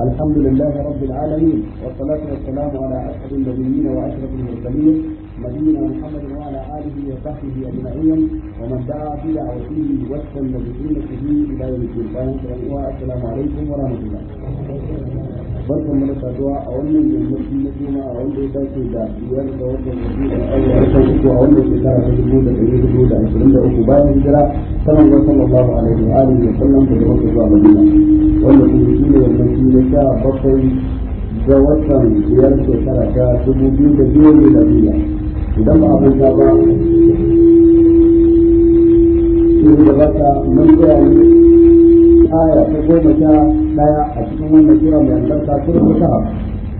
الحمد لله رب العالمين والصلاة والسلام على أسعد النبيين وأشرف المرسلين نبينا محمد وعلى آله وصحبه أجمعين ومن دعا بدعوته وسلم بسنته إلى يوم الدين والسلام عليكم ورحمة الله barkan mu da saduwa a wannan yammacin na juma'a wanda ya dace da biyar ga wannan rabi'ul awwal ta uku a wannan shekara ta dubu da ɗari hudu da ashirin da uku bayan hijira ta manzon sallallahu alaihi wa alihi wa sallam da makka zuwa madina wanda kuma shi ne yammacin na sha bakwai ga watan biyar shekara ta dubu biyu da biyu ne da biya idan ba abin ta ba shi ne da baka mun tsaya ne aya ta goma sha daya a cikin wannan sura mai albarka sura ta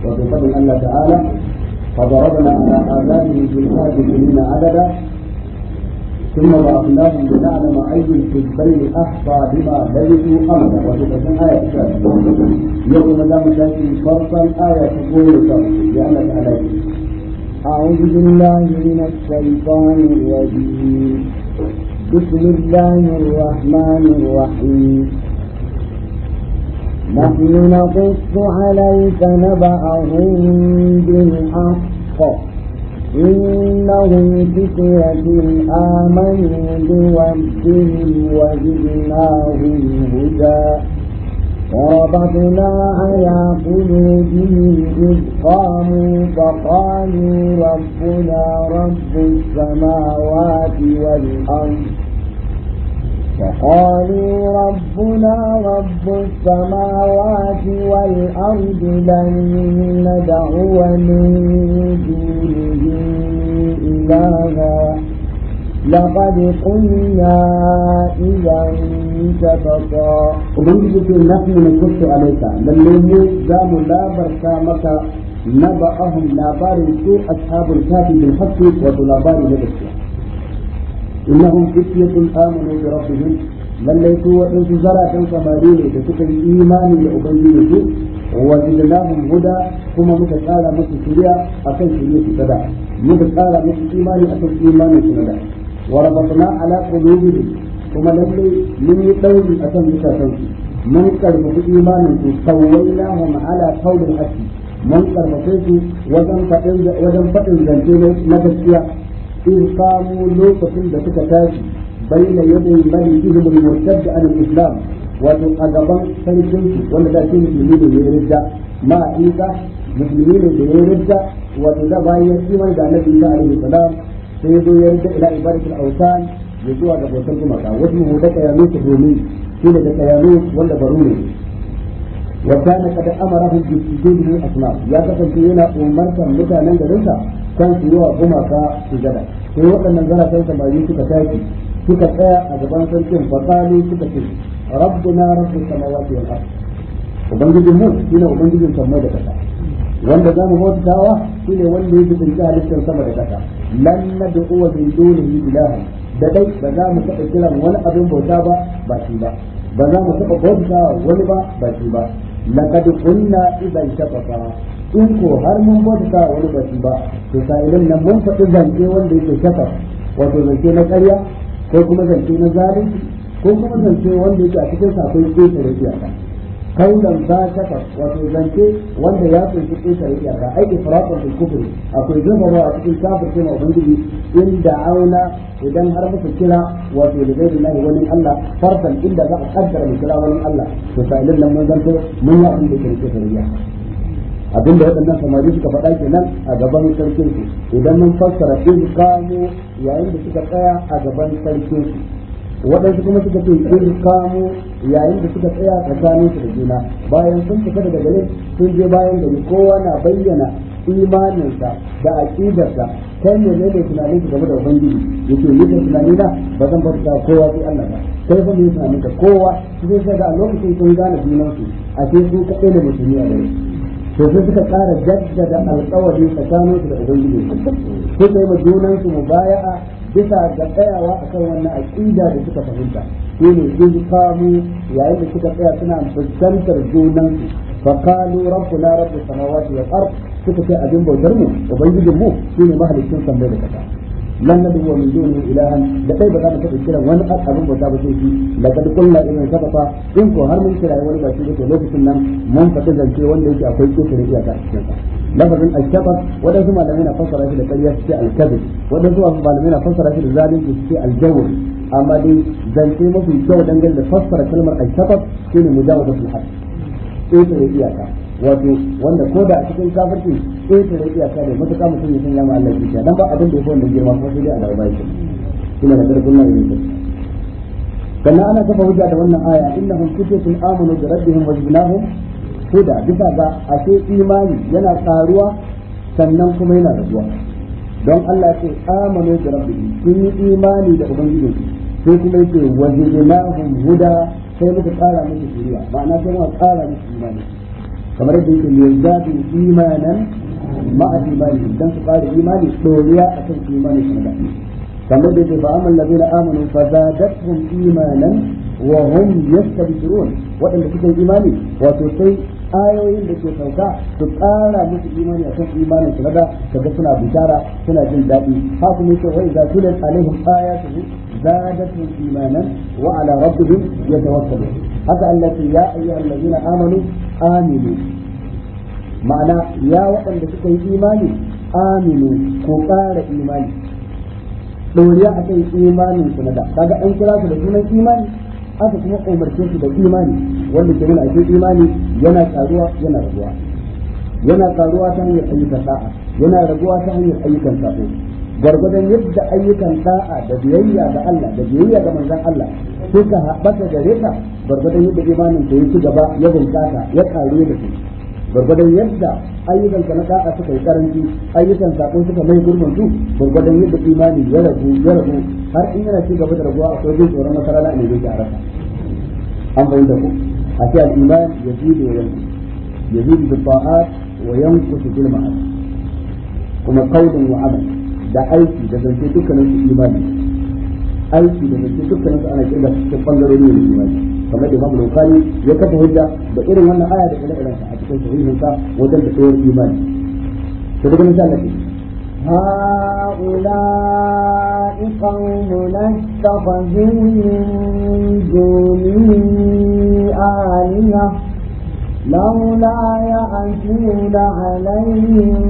wato fadin Allah ta'ala فضربنا على آذانهم في الحاج سنين عددا ثم بعثناهم لنعلم أي الحزبين أحصى بما لبثوا أمدا وتكون آية ثالثة يوم لم تأتي فرصا آية تقول لأنك عليك أعوذ بالله من الشيطان الرجيم بسم الله الرحمن الرحيم نحن نقص عليك نبأهم بالحق إنهم فتية آمنوا بربهم وزدناهم هدى وربطنا على قلوبهم إذ قاموا فقالوا ربنا رب السماوات والأرض فقالوا ربنا رب السماوات والأرض لن ندعو من دونه إلها لقد قلنا إذا شططا وبنجد نحن نقص عليك للمو دام لا برسامك نبأهم لا بارسو أصحاب الكافي بالحق وتلابار بالإسلام إنهم فتية آمنوا بربهم lallai su waɗansu zaratan samari ne da suka yi imani da ubangiji su wa zidnahum huda kuma muka tsara musu shiriya akan shirye su tada muka tsara musu imani akan imani su tada wa rabatna ala qulubihim kuma lallai mun yi dauri akan zukatan su mun karbi imanin su sawainahum ala qawlil haqqi mun karbi su wajen faɗin zance na gaskiya in qamu lokacin da suka tashi baina yadin malikihim al-murtad an al-islam wato a gaban sarkin su wanda da shi musulmi ne ya ridda ma isa musulmi ne da ya ridda wato da bayan shi mai da annabi isa alaihi salam sai ya zo ya ridda ila ibadatul awsan ya zuwa ga bautar gumaka wasu domin da kayanu wanda ne ya kasance yana umartar mutanen garinsa kan su yi wa gumaka su gada sai waɗannan zarafin samari suka tashi suka tsaya a gaban sarkin fasali suka ce rabbuna rabbus samawati wal ard ubangijin mu shine ubangijin sammai da kasa wanda za mu tawa, shine wanda yake tunta halittar sama da kasa lan nad'u wa min dunihi ilahan da dai ba za mu taɓa kiran wani abin bauta ba ba shi ba ba za mu taɓa bauta wani ba ba shi ba laqad kunna idan shafaqa in ko har mun bauta ta wani baki ba to sa'ilin nan mun faɗi zance wanda yake shafa wato zance na ƙarya ko kuma zance na zalunci ko kuma zance wanda yake a cikin ko akwai ƙetare iyaka kaulan ba shafa wato zance wanda ya kunshi ƙetare ka ai ifratun da kufuri akwai ba a cikin kafir sai in da auna idan har muka kira wato da zai lillahi wani Allah farkan inda za a kaddara mu kira wani Allah to sa'ilin nan mun zanto mun yi abin da ke ta iyaka Abin da waɗannan samari suka faɗa nan a gaban sarkin su idan mun fassara in kamo yayin da suka tsaya a gaban sarkin su waɗansu kuma suka ce in kamo yayin da suka tsaya tsakanin su da juna bayan sun fita daga gare sun je bayan gari kowa na bayyana imaninsa da aqidarsa kai ne ne tunanin ka game da ubangiji yake ni da tunani na ba zan bauta kowa sai Allah ba kai fa ne tunanin ka kowa sai sai ga lokacin sun gane junan su a sai su kaɗai da musulmi a gare to sai suka ƙara jaddada alƙawari tsakanin su da ubangiji suka yi ma junan su mubaya'a bisa ga tsayawa akan wannan aqida da suka fahimta shi ne sun kamu yayin da suka tsaya suna fuskantar junan su fa qalu rabbuna rabbus samawati wal ard suka ce abin bautar mu ubangijin mu shine mahalicin sammai da kasa lan nadu min duni ilahan da dai ba za mu taɓa kiran wani abin bauta ba sai shi laqad qulna in sabaqa in ko har mun kira wani ba shi da lokacin nan mun fata zance wanda yake akwai kisa da iyaka cikin sa lafazin al-kabr wadansu malamai na fassara shi da ƙarya suke al-kabr wadansu malamai na fassara shi da zalunci suke al-jawr amma dai zance mafi kyau dangane da fassara kalmar al-kabr shine mujawazatul haqq kisa da iyaka wato wanda ko da cikin kafirci sai ta rike ya kare matuƙa mutum ya sanya ma Allah zuciya dan ba abin da yake wannan girma ko sai dai Allah ya bashi kuma da karfin nan ne kana ana kafa hujja da wannan aya innahum kutubun amanu bi rabbihim wa jinahum huda bisa ga ashe imani yana tsaruwa sannan kuma yana rabuwa don Allah ya ce amanu bi rabbihim sun yi imani da ubangiji sai kuma yake na jinahum huda sai muka tsara musu shiriya ma'ana sai muka tsara musu imani kamar yadda yake yazdadu imanan ma'a imani dan su ƙara imani a kan imanin su da kamar da yake fa'amal ladina amanu fa zadatuhum imanan wa hum yastabshirun waɗanda suka imani wato sai ayoyin da ke sauka su ƙara musu imani a kan imanin su Ka kaga suna bishara suna jin daɗi haka ne ce wai za su da alaihim ayatuhu zadatuhum imanan wa ala rabbihim yatawakkalun haka Allah ce ya ayyuhal ladina amanu aminu ma'ana ya waɗanda suka yi imani aminu ko ƙara imani dole a kan imanin su na da kaga an kira su da sunan imani aka kuma umarce su da imani wanda ke nuna ake imani yana karuwa yana raguwa yana karuwa ta hanyar ayyukan sa'a yana raguwa ta hanyar ayyukan sabo gwargwadon yadda ayyukan da'a da biyayya ga Allah da biyayya ga manzon Allah suka haɓaka gare ka gwargwadon yadda imanin da ya ci gaba ya bunƙasa ya ƙaru da su gwargwadon yadda ayyukan ka na da'a suka yi karanci ayyukan saƙo suka mai gurbin su gwargwadon yadda imani ya ragu ya ragu har in yana ci gaba da raguwa a sojin tsoron wata rana ne zai rasa an fahimta ku a ce al'iman ya zidu da yanku ya zidu da fa'at wa yanku su gilma'a kuma kaudin wa amal da aiki da zance dukkanin su imani aiki da zance dukkanin su ana kirga cikin bangarori ne imani kamar da Imam Bukhari ya kafa hujja da irin wannan aya da kula iransa a cikin sahihin sa wajen da tsayar imani to daga nan Allah هؤلاء قومنا اتخذوا من دونه آلهة لولا يأتون عليهم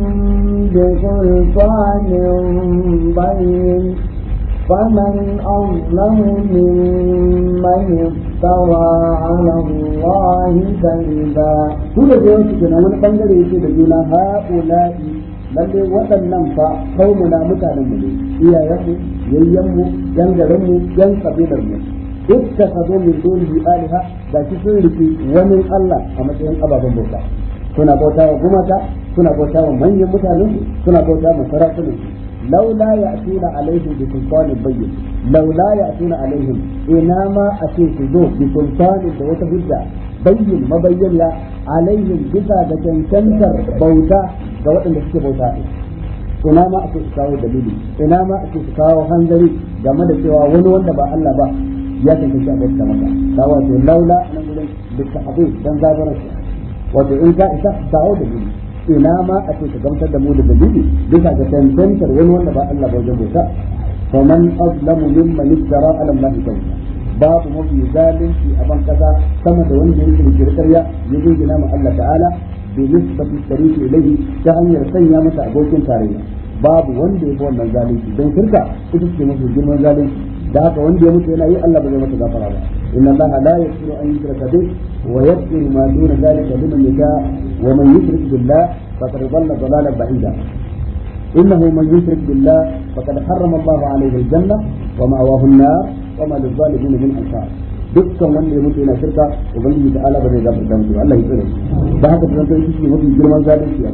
بسلطان بين فمن أظلم ممن افترى على الله كذبا كل ذلك كنا من بنجر يشهد هؤلاء lalle waɗannan fa kaumuna mutanen mu ne iyayenmu yayyenmu yan garinmu yan kabilarmu ittakhadhu min dunihi alaha da shi sun riki wani Allah a matsayin ababen bauta suna bauta wa gumata suna bauta wa manyan mutanen suna bauta wa sarakunan laula ya'tuna alaihim bi sultanin bayyin laula ya'tuna alaihim ina ma a ce su zo bi sultanin da wata hujja bayyin mabayyana alaihim bisa da cancantar bauta ga waɗanda suke bauta ina ma a ce su kawo dalili ina ma a ce su kawo hanzari game da cewa wani wanda ba Allah ba ya tantance a bauta maka ta wato laula nan gurin dukkan abin dan shi wato in ka isa dawo da gudu ina ma a ce ka gamsar da mu da dalili bisa ga tantantar wani wanda ba Allah ba wajen bauta faman azlamu mimman iftara ala Allah tawba babu mafi zalunci a ban kasa sama da wani da yake da karya ya gina ma Allah ta'ala bi nisbati tariqi ilayhi ta hanyar sanya masa abokin tarihi. babu wanda ya fi wannan zalunci don shirka ita ce mafi girman zalunci da haka wanda ya mutu yana yi Allah ba zai masa gafara ba inna Allah la yaghfiru an yushraka bih wa yaghfiru ma duna zalika liman yasha wa man yushrik billah faqad dhalla dhalalan ba'ida إنه من يشرك بالله فقد حرم الله عليه الجنة ومأواه النار وما للظالمين من أنصار dukkan wanda ya mutu yana shirka ubangiji ba zai mutu Allah ya tsare da haka tsantsar shi mafi girman zalunci a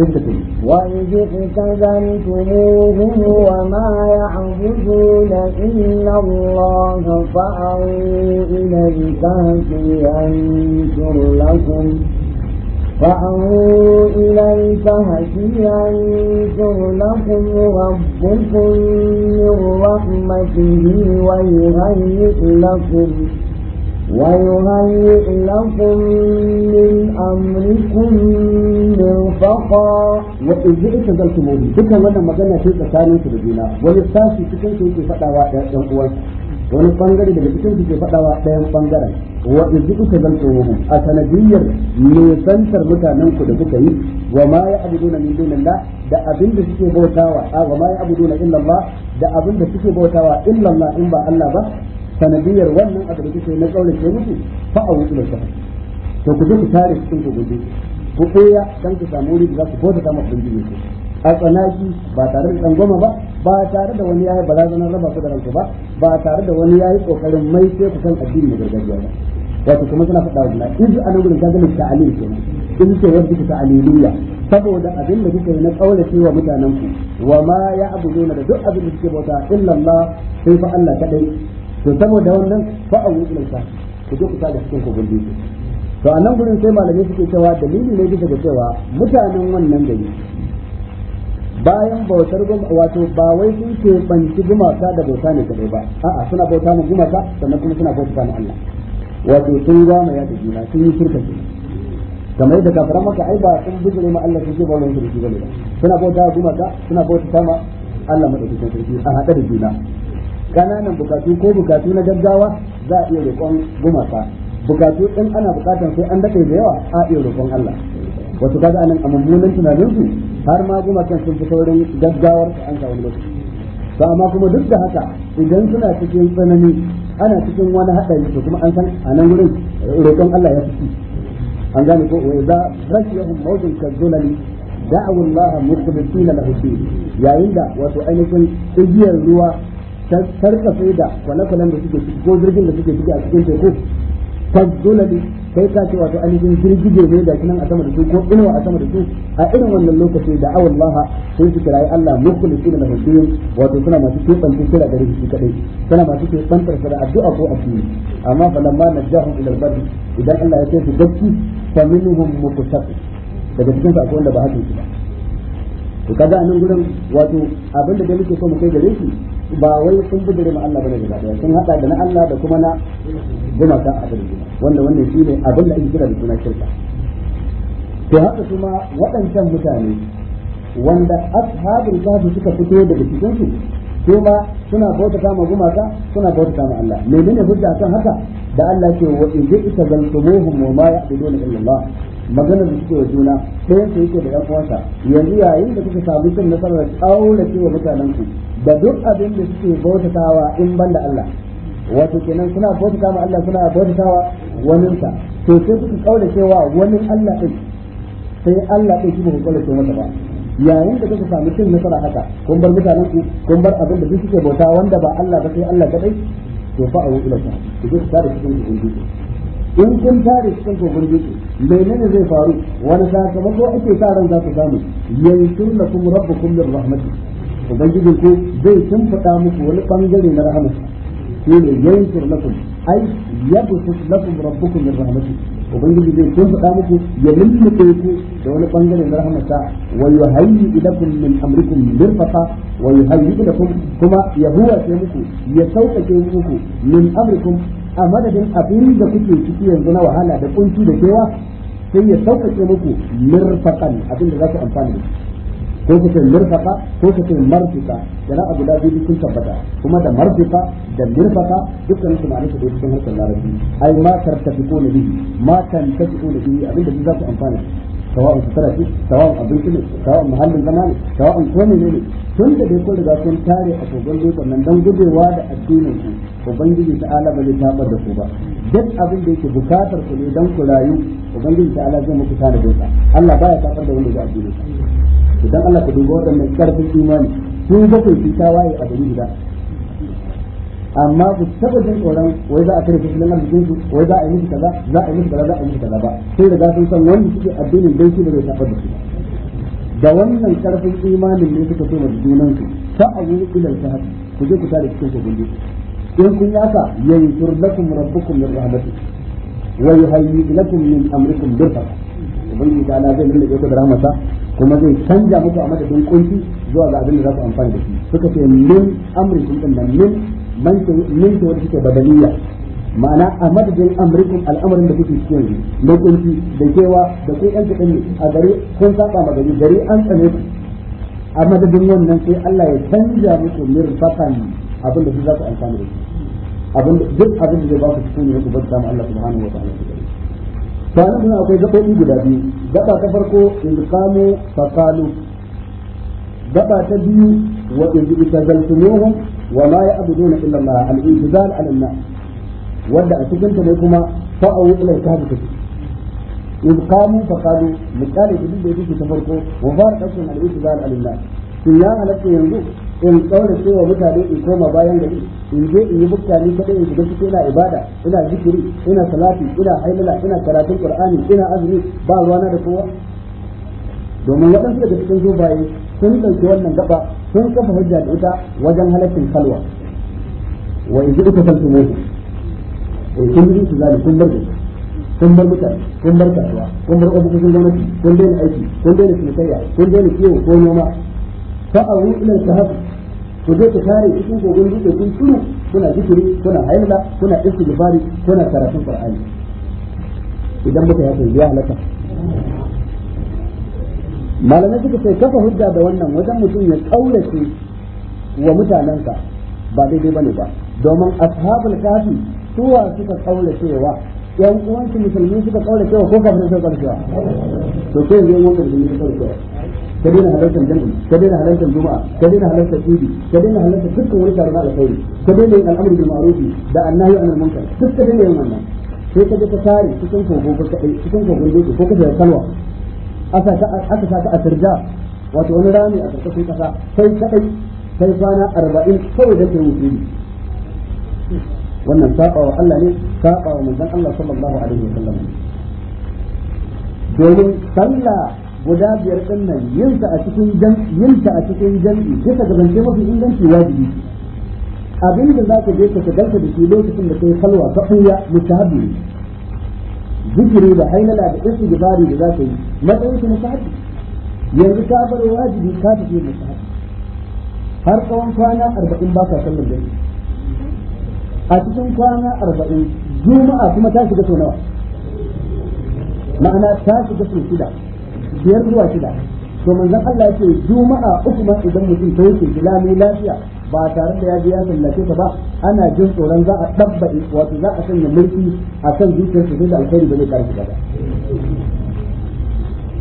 وإذ اقتزمتموهم وما يعبدون إلا الله فأووا إلى الكهف ينشر لكم فأووا إلى الكهف ينشر لكم ربكم من رحمته ويهيئ لكم ويهيئ لكم من أمركم مرفقا وإذ اعتزلتموهم دكا وانا مجانا في تساني في الجنة ولساسي تكن في فتاوى ينقوان wani bangare daga cikin su ke faɗawa ɗayan bangaren wa idzu kuka zanto muhu a sanadiyyar nisantar mutanen ku da kuka yi wa ma ya abuduna min dunillah da abin da suke bautawa a wa ma ya abuduna illa Allah da abin da suke bautawa illa Allah in ba Allah ba sanadiyar wannan abu da kike na kaurace musu fa a wuce da to ku je ku tare cikin ku gobe ku tsaya dan ku samu wuri da za ku bota ta mafi jini ku a tsanaki ba tare da tsangwama ba ba tare da wani yayi barazanar raba ku da ranku ba ba tare da wani yayi kokarin mai sai ku san addini da gargajiya ba wato kuma suna faɗa wa juna iz anan gurin kaga ne ta'alim kenan in ce wanda saboda abin da kuke na kaurace wa mutanen ku wa ma ya abuduna da duk abin da kike bauta illa Allah sai fa Allah kadai to saboda wannan fa a wuce ka ku je ku sa da cikin kogon dutse to a nan gurin sai malamai suke cewa dalili ne bisa ga cewa mutanen wannan gari bayan bautar wato ba wai sun ke banci gumaka da bauta ne kadai ba a'a suna bauta mu gumaka sannan kuma suna bauta ne Allah wato sun gama ya da juna sun yi shirka ne kamar yadda kafaran maka ai ba sun bijire ma Allah suke ba wannan sarki bane ba suna bauta gumaka suna bauta sama Allah madaukakin sarki a hada da juna kananan bukatu ko bukatu na gaggawa za a iya roƙon gumaka bukatu ɗin ana bukatan sai an daɗe da yawa a iya roƙon Allah wasu kaga anan a mummunan tunanin su har ma gumakan sun fi saurin gaggawar su an sa wani lokaci to amma kuma duk da haka idan suna cikin tsanani ana cikin wani haɗari to kuma an san a nan wurin roƙon Allah ya fi an gane ko wa idza rashiyahum mawjun kadzulali da'u da mukhlisina lahu yayin da wato ainihin igiyar ruwa tarkatsu da kwale-kwalen da suke ciki ko jirgin da suke ciki a cikin teku tazzulali kai ka ce wato ainihin girgije ne da nan a sama da su ko inuwa a sama da su a irin wannan lokaci da awon laha sun su kirayi Allah mukhlisin da hadirin wato suna masu kebanta kira da rubuci kadai suna masu kebantar sa da addu'a ko addini amma falamma najahum ila al idan Allah ya ce su gaski fa minhum muqtasi daga cikin sa akwai wanda ba haka yake ba to kaga anan gurin wato abinda da muke so mu kai gare shi ba wai sun bidire ma Allah bane gaba daya sun hada da na Allah da kuma na gumaka a cikin wanda wannan shine abin da ake kira da suna shirka to haka kuma waɗancan mutane wanda ashabul kahfi suka fito daga cikin su kuma suna bauta kama gumaka suna bauta kama Allah menene hujja kan haka da Allah ke wa idza itazaltumuhum wa ma ya'buduna illa Allah magana da suke wa juna ɗayan yake da ɗan uwansa yanzu yayin da kuka samu cin nasarar aure cewa mutanen ku da duk abin da suke bautatawa in ban da Allah wato kenan suna bautata ma Allah suna bautatawa wani sa to sai suka kaura cewa wani Allah din sai Allah din kuma ku kaura masa ba yayin da kuka sami cin nasara haka kun bar mutanen ku kun bar abin da duk suke bauta wanda ba Allah ba sai Allah kadai to fa a wuce ku ku ji tare cikin ku in kun tare cikin gobar dutse menene zai faru wani sakamako ake sa ran za ku samu yankin lakum rabbukum min rahmatihi ubangijin ku zai shimfiɗa muku wani bangare na rahamarsa shi ne yankur lakum ai yabsut lakum rabbukum min rahmatu ubangiji zai shimfiɗa muku ya lulluɓe ku da wani bangare na rahamarsa wa yuhayyi idakum min amrikum mirfaqa wa yuhayyi idakum kuma ya sai muku ya sauƙaƙe muku min amrikum a madadin abin da kuke ciki yanzu na wahala da kunci da kewa sai ya sauƙaƙe muku mirfaqan abin da za ku amfana da shi ko ku ce murfaka ko ku ce marfika da abu da biyu sun tabbata kuma da marfika da murfaka dukkan su ma'anar su da cikin harkar larabci ai ma ko na bihi ma ko na biyu abinda su za ku amfana sawa'un sutura ce sawa'un abinci ne sawa'un muhallin zama ne sawa'un ko ne ne tun da dai kun riga kun tare a kogon dutsen nan don gudewa da addinin ku ubangiji ta ala ba zai tabar da ku ba duk abin da yake bukatar ku ne don ku rayu ubangiji ta ala zai muku bai da Allah baya tabar da wanda ya addinin idan Allah ka dubi waɗannan karfin imani sun ga kai tawaye a dalili guda amma ku taba jin tsoron wai za a kare su cikin arzikin su wai za a yi musu kaza za a yi musu kaza za a yi musu kaza ba sai da sun san wanda suke addinin dai shi ne zai tafi da su da wannan karfin imanin ne suka so da junan su ta abu ilal ta ku je ku tare cikin ku gudu in kun yaka yankur lakum rabbukum min rahmatihi wa yuhayyi lakum min amrikum birfa ubangiji ta ala zai nuna ku da rahmata kuma zai canja muku a madadin kunci zuwa ga abin da za ku amfani da shi suka ce min amrikum din nan min min ce wata suke badaliya ma'ana a madadin amrikum al'amarin da kuke cikin yanzu na kunci da kewa da ku yan kaɗan a gari kun saba ma gari gari an tsane ku a madadin wannan sai Allah ya canja muku fatan abin da za ku amfani da shi abin duk abin da zai ba ku cikin yanzu ba bar samu Allah subhanahu wa ta'ala sanan suna akwai gaɓoɓi guda biyu gaɓa ta farko in kamu faƙalu gaɓa ta biyu wa in itazaltumuhum wa ma ya'buduna illa Allah al-intizal ala an wanda a cikin ta ne kuma fa'u ila al ta take in kamu faƙalu misali da duk da yake ta farko wa fara dakkun al-intizal ala Allah to ya halatta yanzu in kaura cewa mutane in koma bayan gari in je in yi bukta kada in shiga ciki ina ibada ina zikiri ina salati ina hailala ina karatun qur'ani ina azumi ba ruwana da kowa domin waɗansu daga cikin zubaye sun ɗauki wannan gaba sun kafa hujja da ita wajen halaccin kalwa wa in ji ita kalfi mutu in kun ji su eh, zali kun bar da kun bar mutane kun bar kasuwa kun bar ofisoshin gwamnati kun daina aiki kun daina cinikayya kun daina kiwo ko noma fa'awu ila shahadu ku je ku tare cikin gogon dutse kun shiru kuna jikiri kuna haila kuna istighfari kuna karatun qur'ani idan muka ya biya halaka malamai suka sai kafa hujja da wannan wajen mutum ya ƙaurace wa mutanensa ba daidai ne ba domin ashabul kafi suwa suka kauracewa yan uwansu musulmi suka wa ko kafin suka kauracewa to sai yanzu yan wanda musulmi suka kauracewa ka daina halartar jami'i ka daina halartar juma'a ka daina halartar idi ka daina halartar dukkan wani taron alkhairi ka daina yin al'amari bil ma'rufi da annahi anil munkar duk ka daina yin wannan sai ka je ka tare cikin kogo ka kai cikin kogon doki ko ka je kalwa aka aka sa ka a sirja wato wani rami a karkashin kasa sai kadai sai kwana arba'in kawai da ke wuri wannan saba wa Allah ne saba wa manzon Allah sallallahu alaihi wa sallam domin sallah guda biyar din nan yin ta a cikin jam'i yin ta a cikin jam'i sai ka gabance mafi inganci wajibi abin da zaka je ka shagalta da shi lokacin da kai kalwa ka buya mutahabbi zikiri da hailala da istighfari da zaka yi matsayin shi mutahabbi yanzu ka bar wajibi ka tafi mutahabbi har tsawon kwana arba'in ba ka sallar jami'i a cikin kwana arba'in juma'a kuma ta shiga sau nawa ma'ana ta shiga sau shida biyar zuwa shida to manzon Allah yake juma'a uku ma idan mutum ta wuce bila mai lafiya ba tare da ya je ya sallace ta ba ana jin tsoron za a dabba wato za a sanya mulki a kan zuciyar su da alkhairi ba zai karfi gaba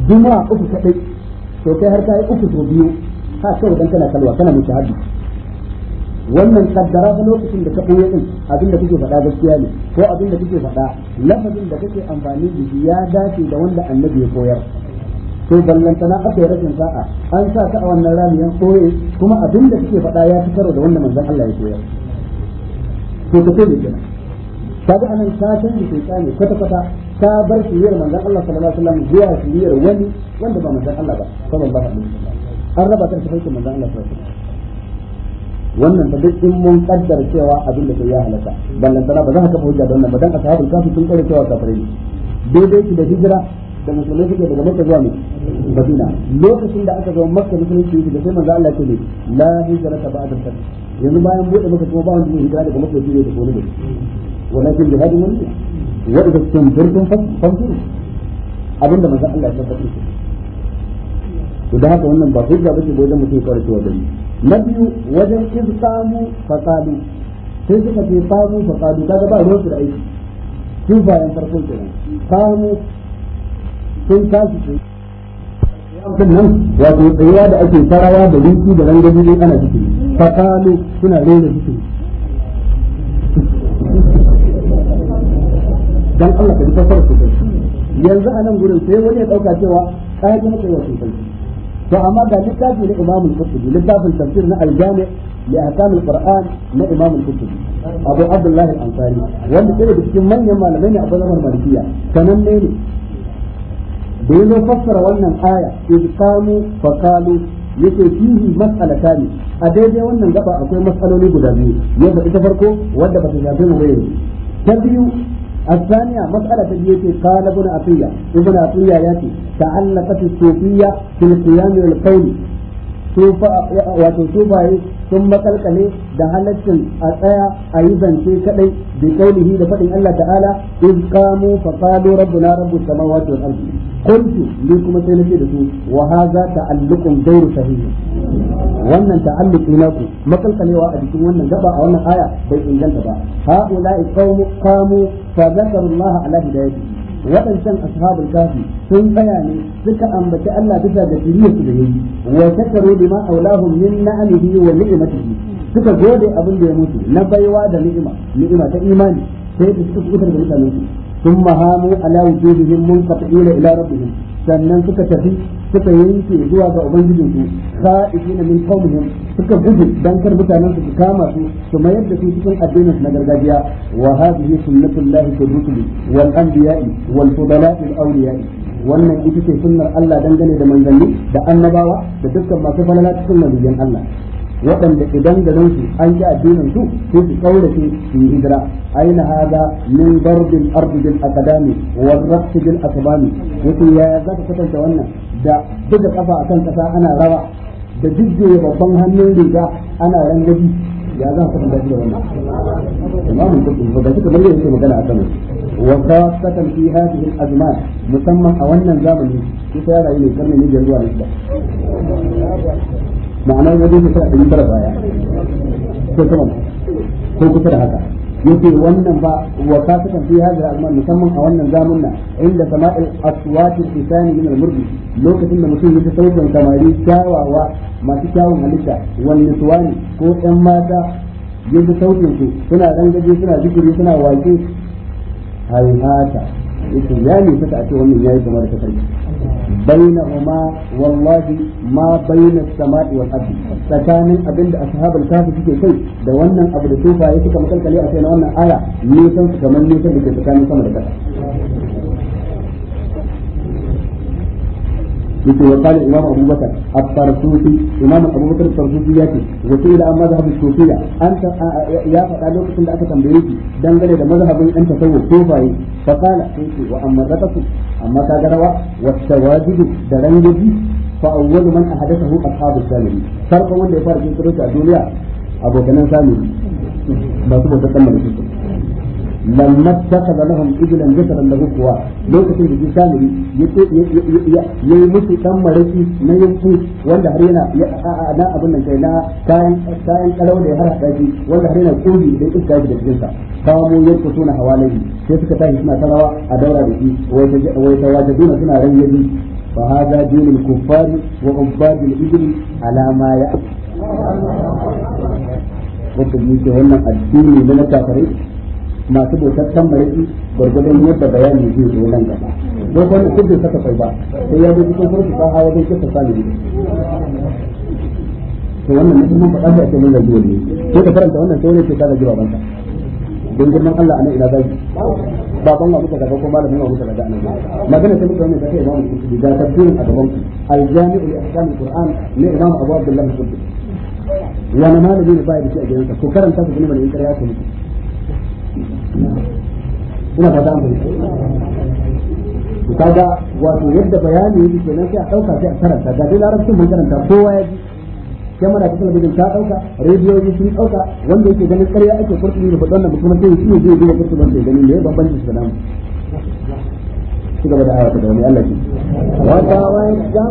juma'a uku kadai to kai har kai uku to biyu ha kawai dan kana kalwa kana mushahadi wannan kaddara ta lokacin da ka ɓoye din abin da kake faɗa gaskiya ne ko abin da kake faɗa lafazin da kake amfani da shi ya dace da wanda annabi ya koyar to ballantana aka yi rashin sa'a an sa ta a wannan ramiyan koye kuma abin da suke faɗa ya fi karo da wanda manzon Allah ya koyar to ka sai kenan kaga anan ta canza shaytani kwata kwata ta bar shiriyar manzon Allah sallallahu alaihi wasallam zuwa shiriyar wani wanda ba manzon Allah ba sallallahu alaihi wasallam an raba ta da farkin manzon Allah sallallahu alaihi wannan ta duk in mun kaddara cewa abin da kai ya halaka ballantana ba za ka kafa hujja da wannan ba dan ashabul kafir sun kare cewa kafirai daidai ki da hijira da musulmai suke daga makka zuwa madina lokacin da aka zama makka musulmi yake da sai manzo Allah ya ce la hijra ta ba'da fath yanzu bayan bude maka kuma ba wanda zai hijira daga makka zuwa da wani walakin jihadun wani da cikin tunzirtum fanzuru abinda manzo Allah ya tabbata to da haka wannan ba hujja bace ba wajen mutum kawai cewa gari na biyu wajen izqamu fasadu sai suka ce famu fasadu kaga ba ruwan su da aiki su bayan farkon kenan famu sun tashi tsaye mutum nan wato tsayuwa da ake tarawa da rinki da rangaji dai ana ciki fakalu suna rera ciki dan Allah ka ji fasara su yanzu a nan gurin sai wani ya dauka cewa kai ga mutum wato sai to amma ga littafi na Imam al-Qurtubi littafin tafsir na al-Jami li ahkam al-Qur'an na Imam al-Qurtubi Abu Abdullah al-Ansari wanda sai da cikin manyan malamai ne a bazamar Malikiya sanan ne da ya zo fassara wannan aya iz qamu fa qalu yake fihi mas'alata ne a daidai wannan gaba akwai mas'aloli guda biyu yadda ita farko wadda ba ta shafe mu yanzu ta biyu الثانية مسألة التي قال ابن عطية ابن عطية ياتي تعلقت الصوفية في القيام والقول wato sufaye sun makalkale da halaccin a tsaya a yi zance kadai bi kaulihi da faɗin Allah ta'ala in qamu fa qalu rabbuna rabbus samawati wal ardi qultu ni kuma sai nace da su wa hadha ta'alluqun ghayru sahih wannan ta'alluqi ku. makalkalewa a jikin wannan gaba a wannan aya bai inganta ba ha'ula qaumu qamu fa zakaru Allah ala hidayatihi waɗancan ashabul kafi sun tsaya ne suka ambaci Allah bisa da shiriyarsu da yayi wa takaru bima aulahum min na'amihi wa ni'matihi suka gode abin da ya mutu na baiwa da ni'ima ni'ima ta imani sai da suka kubutar da mutanen su thumma hamu ala wujuhihim munqati'ina ila rabbihim sannan suka tafi suka yanke zuwa ga ubangijin su kha'ifina min qawmihim suka gudu dan kar mutanen su kama su su mayar da su cikin addinin na gargajiya wa hadhihi sunnatullahi fi rusuli wal anbiya'i wal fudala'i al awliya'i wannan ita ce sunnar Allah dangane da manzanni da annabawa da dukkan masu falala cikin nabiyan Allah waɗanda idan da su an ji addinin su sai su kaurace su su yi hijira aina hada min darbin ardi bil aqdami wa raqs bil asbami wato ya za ka kwatanta wannan da buga kafa akan kasa ana rawa da jijjiye babban hannun riga ana rangaji ya za ka kwatanta da wannan imamu kudu ba ga kamar yadda yake magana a kan wa khasatan fi hadhihi al azman musamman a wannan zamani sai ya rayu ne karni ne zuwa ne ma'ana wajen shekara ɗari baya ko kuma ko kusa da haka yake wannan ba wa kasatan fi hadha alman musamman a wannan zamun nan inda sama'il aswati tisani min al-murdi lokacin da mutum yake sautin samari kyawawa masu kyawun halitta wani suwani ko ƴan mata yadda sautin su suna rangaje suna zikiri suna waƙe hata yake ya ne fata a ce wannan yayi kamar ta sarki bainahuma wallahi ma baina samai wal ardi tsakanin abin da ashabul kafi suke kai da wannan abu da sufaye suka makalkale a kai na wannan aya nisan su kamar nisan da ke tsakanin sama da ƙasa yace wa qala imam abu bakar at-tarsusi imam abu at yace wa qila amma anta ya faɗa lokacin da aka tambaye shi dangane da mazhabin an tasawuf sufaye fa qala yace wa amma amma ka rawa wa tawajidu da rangaji fa awwalu man ahadathahu ashabu zalimi farko wanda ya fara cikin a duniya abokanan sami ba su lamma takaba lahum iblan jasadan lahu kuwa lokacin da ji samuri ya yi musu dan maraki na yanku wanda har yana na abin nan kai na kayan kayan kalau da ya har hada shi wanda har yana kobi da iska da cikin sa kamo yanku suna hawalaji sai suka tashi suna tarawa a daura da shi wai tawajaduna suna rayyabi فهذا دين الكفار وعباد الإبل على ما يأتي. وكل هنا الدين من الكافرين masu bautar mariki gwargwadon yadda bayani zai zo nan gaba ko kuma duk da saka ba sai ya zo cikin farko a hawa zai kasa ne to wannan mutum mun faɗa da mun rage ne sai ka faranta wannan sai ne ke kada jiwa banka don girman Allah a nan ina zai ban wa muka daga ko malamin wa muka daga anan magana ta muka wannan da kai imamu Qurtubi da tafsirin a gaban ku al-jami'u li ahkam al-Qur'an ne imamu Abu Abdullah Qurtubi wani malami ne ba ya da shi a gidansa ko karanta su ne mai in ƙarya su mutu ina ga kaga wato yadda bayani yake kenan sai a dauka sai a karanta ga dai larabcin mun karanta kowa ya ji kyamara ta talabijin ta dauka rediyoyi sun dauka wanda yake ganin karya ake kurkuri da faɗon nan kuma sai shi ne zai zai kurkuri ban ya gani ne bambanci su da namu ci gaba da aiwata da wani Allah ke. za ka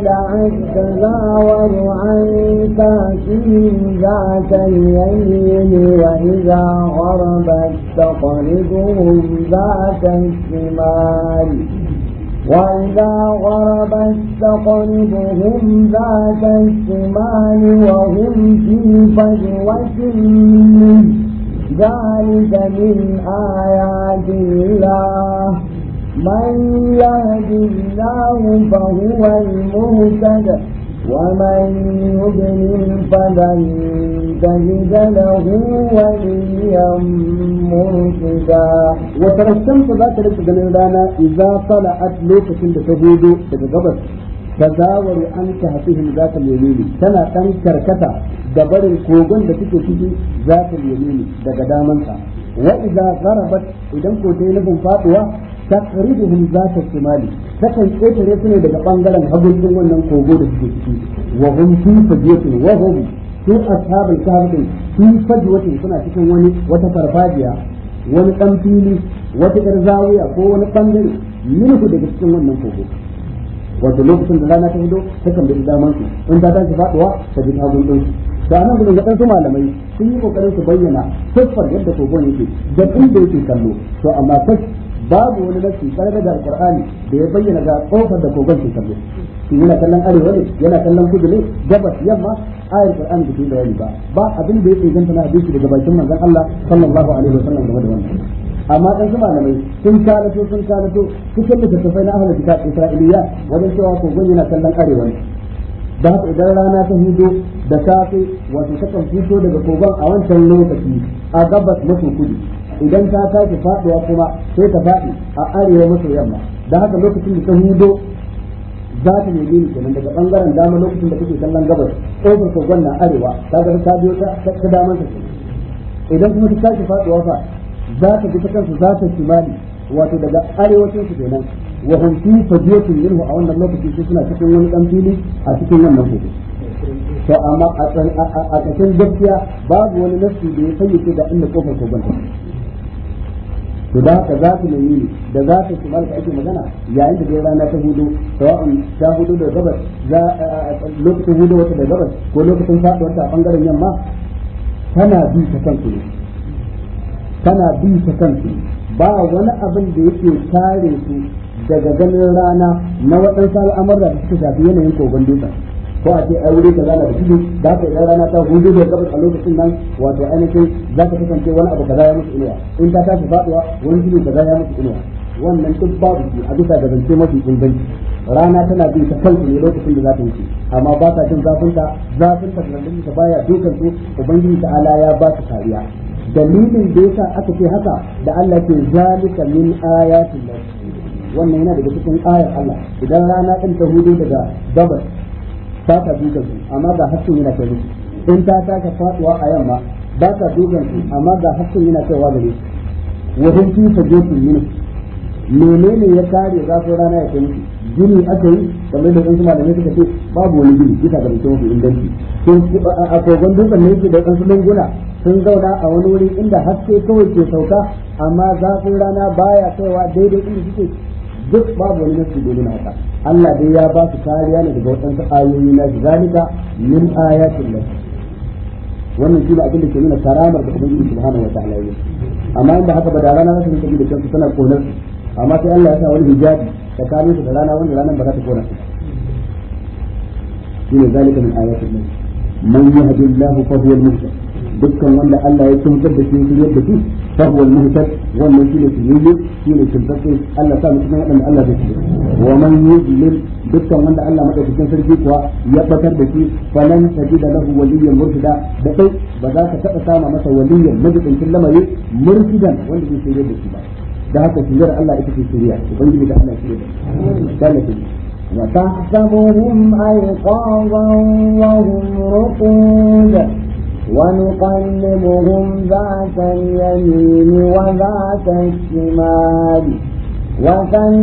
da aiki za a wani aiki shi za ka yi yayi wa iza horba ta kwanigo za ka shi mari. وإذا غرب تقربهم ذات الشمال وهم في فجوة ذلك من آيات الله من يهد الله فهو المهتد ومن يضلل فلن تجد له وليا مرشدا وترى الشمس ذات الشمس إذا طلعت لوكة تهود تتغبر tazawaru an ta za ta nemi ne tana ɗan karkata da barin kogon da take ciki nemi ne daga damansa wa idza zarabat idan ko tayi nufin faduwa ta sumali ta takan ƙetare su ne daga ɓangaren hagun wannan kogo da suke ciki wa hum fi fadiyatin wa hum su ashabul kahfi fi fadiyatin suna cikin wani wata farfajiya wani ɗan fili wata ƙarzawiya ko wani bangare minhu daga cikin wannan kogo wato lokacin da rana ta hido ta kan bai daman su in ta tashi faduwa ta bi hagun din su da nan gudun gaɗansu malamai sun yi kokarin su bayyana tuffar yadda kogon yake da inda yake kallo to amma kai babu wani nasi karga da alqur'ani da ya bayyana ga kofar da kogon ke kallo shi yana kallon arewa ne yana kallon kudu ne gabas yamma ayar qur'ani da ke bayani ba ba abin da ya ke ganta na abinci daga bakin manzon Allah sallallahu alaihi wasallam game da wannan amma dan su malamai sun kalato sun kalato cikin tafai na ahli kitab isra'iliya wajen cewa kogon na kallon arewa ne da haka idan rana ta hudo da safe wato takan fito daga kogon a wancan lokaci a gabas maso kudu idan ta tashi faduwa kuma sai ta fadi a arewa maso yamma da haka lokacin da ta hudo za ta nemi ni kenan daga bangaren dama lokacin da kake kallon gabas kofar kogon na arewa ta ga ta biyo ta daman ta idan kuma ta tashi faduwa fa za ta bi ta kansu za ta shimali wato daga arewacin su kenan wa hum fi fadiyatin minhu a wannan lokaci su suna cikin wani dan fili a cikin wannan hoto to amma a a cikin gaskiya babu wani nafsi da ya fayyace da inda kofar kogon ta to da haka za ta nemi da za ta shimali da ake magana yayin da dai rana ta hudu sawa'un ta hudu da gabas za lokacin hudu wata da gabas ko lokacin faɗuwar ta a bangaren yamma tana bi ta kansu ne tana bin ta kansu ba wani abin da yake kare su daga ganin rana na waɗansu al'amuran da suka shafi yanayin kogon dutsen ko a ce a wuri kaza zana da tudu za ka iya rana ta hudu da gabas a lokacin nan wato ainihin za ka kasance wani abu kaza ya musu inuwa in ta tashi faɗuwa wani tudu kaza ya musu inuwa wannan duk babu shi a bisa da zance mafi inganci rana tana bin ta kansu ne lokacin da za ta wuce amma ba sa jin zafinta zafinta da ta baya dukan su ubangiji ala ya ba su kariya dalilin da yasa aka ce haka da Allah ke zalika min ayatin wannan yana daga cikin ayar Allah idan rana din ta hudu daga gabas ba ta dukan su amma ga hasken yana ta kai in ta taka faduwa a yamma ba ta dukan su amma ga hasken yana kaiwa gare su wa hum fi sajdatin min menene ya kare za zafin rana ya kai musu gini aka yi kamar da kuma ne suka ce babu wani gini bisa ga mutum mafi inganci a kogon dutsen ne yake da wasu lunguna sun zauna a wani wuri inda haske kawai ke sauka amma zafin rana baya kaiwa daidai inda suke duk babu wani nasu domin haka Allah dai ya ba su kariya ne daga waɗansu ayoyi na zalika min ayatin lafi wannan shi ne abin da ke nuna karamar da yi subhanahu wa ta'ala yi amma inda haka ba da rana za su yi bi da kansu tana konar amma sai Allah ya sa wani hijabi tsakanin su da rana wanda ranar ba za ta kora su shine zalika min ayatul mulk man yahdillahu fa huwa al-muhtad dukkan wanda Allah ya tuntar da shi shiryar da shi fa huwa al-muhtad wannan shine shirye shine tuntatsi Allah sa mutum wadanda Allah zai shirye wa man yudlil dukkan wanda Allah madaukakin sarki kuwa ya batar da shi falan tajida lahu waliyyan murshida da kai ba za ka taba sama masa waliyyan majibincin lamari murshidan wanda zai shirye da shi ba da haka shirya Allah ita ce shirya ubangiji da Allah shirya da ta shirya wa ta samu hun aikawan wahun rukun wani kalli muhun za ta yi wa za ta shimali wa kan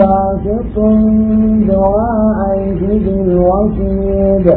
ba su kun zuwa aiki da wasu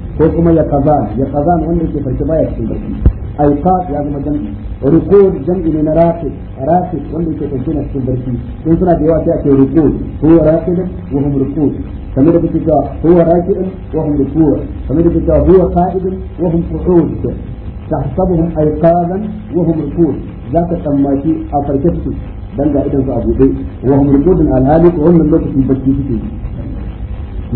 ko kuma ya kazan ya kazan wanda ke farke baya cikin barci aiqat ya zama jam'i rukud jam'i ne na rafi rafi wanda ke farke na cikin barci don suna da yawa sai ake rukud huwa rafi wa hum rukud kamar da kuke cewa huwa rafi wa hum rukud kamar da kuke cewa huwa qa'id wa hum qu'ud tahsabuhum aiqadan wa hum rukud zaka tsammaki a farke su dan ga idan su a bude wa hum rukud al-halik wannan lokacin barci suke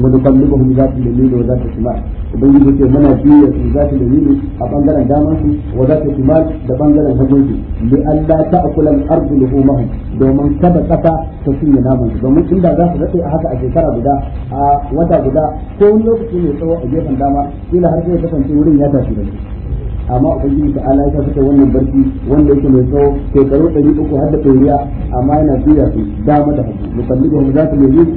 ونقلبهم ذات اليمين وذات الشمال ubangiji ce muna biya su za ta dalili a bangaren daman su wa za ta kuma da bangaren hagun su li Allah ta akula al-ardu luhumahum domin kada kasa ta cinye naman su domin inda za su dace a haka a shekara guda a wata guda ko wani lokaci ne tsawo a gefen dama kila har sai kasance wurin ya tashi da amma a ubangiji ta ala ya fita wannan barci wanda yake mai tsawo shekaru ɗari uku har da ɗoriya amma yana biya su dama da hagu musallibu mu za ta dalili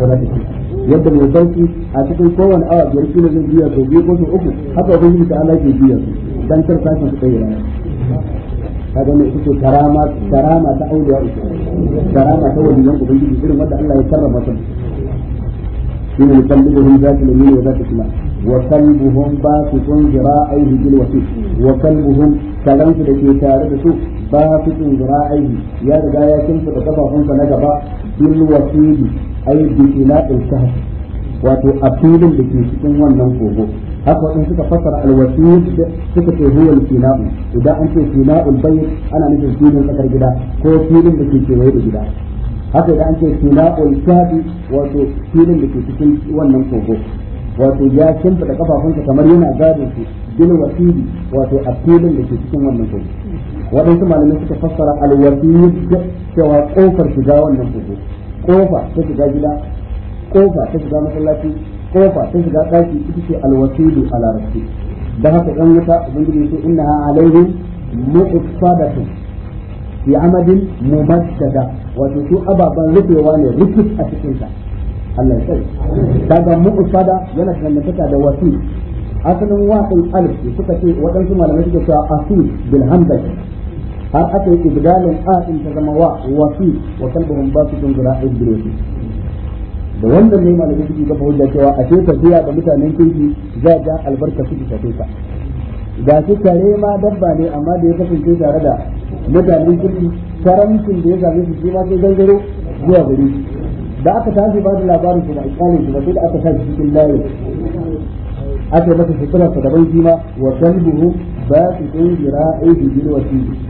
wa za ta kuma yadda mai barci a cikin kowane awa biyar shi ne zai biya sau biyu ko sau uku haka ubangiji ta Allah ke biya su dan kar sashen su kai rana kaga ne ita ce karama karama ta auliya ita karama ta waliyan ubangiji irin wanda Allah ya karrama su shine mukallibuhum zati al-yamin wa zati al-shimal wa kalbuhum basitun zira'ihi bil wasiq wa kalbuhum kalansu da ke tare da su ba su basitun zira'ihi ya riga ya kinsa da kafafunsa na gaba bil wasiq ai bi ila'il shahr wato a filin da ke cikin wannan kogo haka wadanda suka fasara alwasir suka ce huwa sina'u idan an ce sina'ul bayt ana nufin filin tsakar gida ko filin da ke kewaye da gida haka idan an ce sina'ul shafi wato filin da ke cikin wannan kogo wato ya da kafafunsa kamar yana gadin su bil wasiri wato a filin da ke cikin wannan kogo waɗansu malamai suka fassara alwasir cewa kofar shiga wannan kogo kofa ta shiga gida kofa ta shiga masallaci kofa ta shiga daki ita ce alwasilu ala rabbi da haka dan wuta ubangiji yace inna alaihim muqtadatu fi amadin mubaddada wato su ababan rufewa ne rufus a cikin ta Allah ya sai daga muqtada yana dangantaka da wasi asalin wasil alif suka ce waɗansu malamai suka ce asil bil har aka yi ibdalin a in ta zama wa wa wa kalbuhum basitun zira'in birofi da wannan ne malamai suke gaba hujja cewa a ce tafiya da mutanen kirki za ga albarka suke tafi ka ga su kare ma dabba ne amma da ya kasance tare da mutanen kirki karamcin da ya zame su shi ma sai gangaro zuwa gari da aka tashi ba da labarin su da alƙalin su ba sai da aka tashi cikin layi aka yi masa sutura sa daban shi ma wa kalbuhu da zira'in shi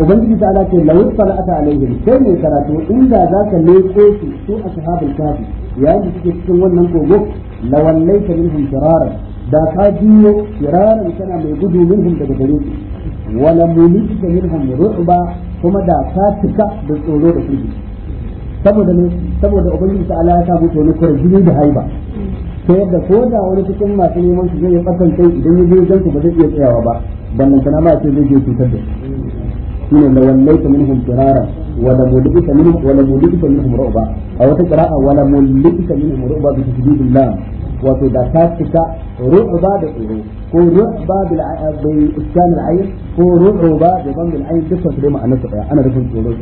ubangiji ta ala ce lawit fala'ata alaihim sai mai karatu inda za ka leko su su ashabul kafi yayin da suke cikin wannan kogo lawallaita minhum firaran da ka biyo firaran kana mai gudu minhum daga gare su wala mulita minhum ru'ba kuma da ka tuka da tsoro da firgi saboda ne saboda ubangiji ta ala ya sa mutu wani jini da haiba ta yadda ko da wani cikin masu neman su zai ya bakan idan ya je gansu ba zai iya tsayawa ba ballantana ma ce zai je cutar da su shine la wallaita minhum firara wa la mulika minhum wa la mulika minhum ru'ba a wata qira'a wa la mulika minhum ru'ba bi da ta cika ru'ba da tsoro ko ru'ba bil bil iskan al ayn ko ru'ba bi dam al ayn dukkan su dai ma'anar su daya ana rufin tsoro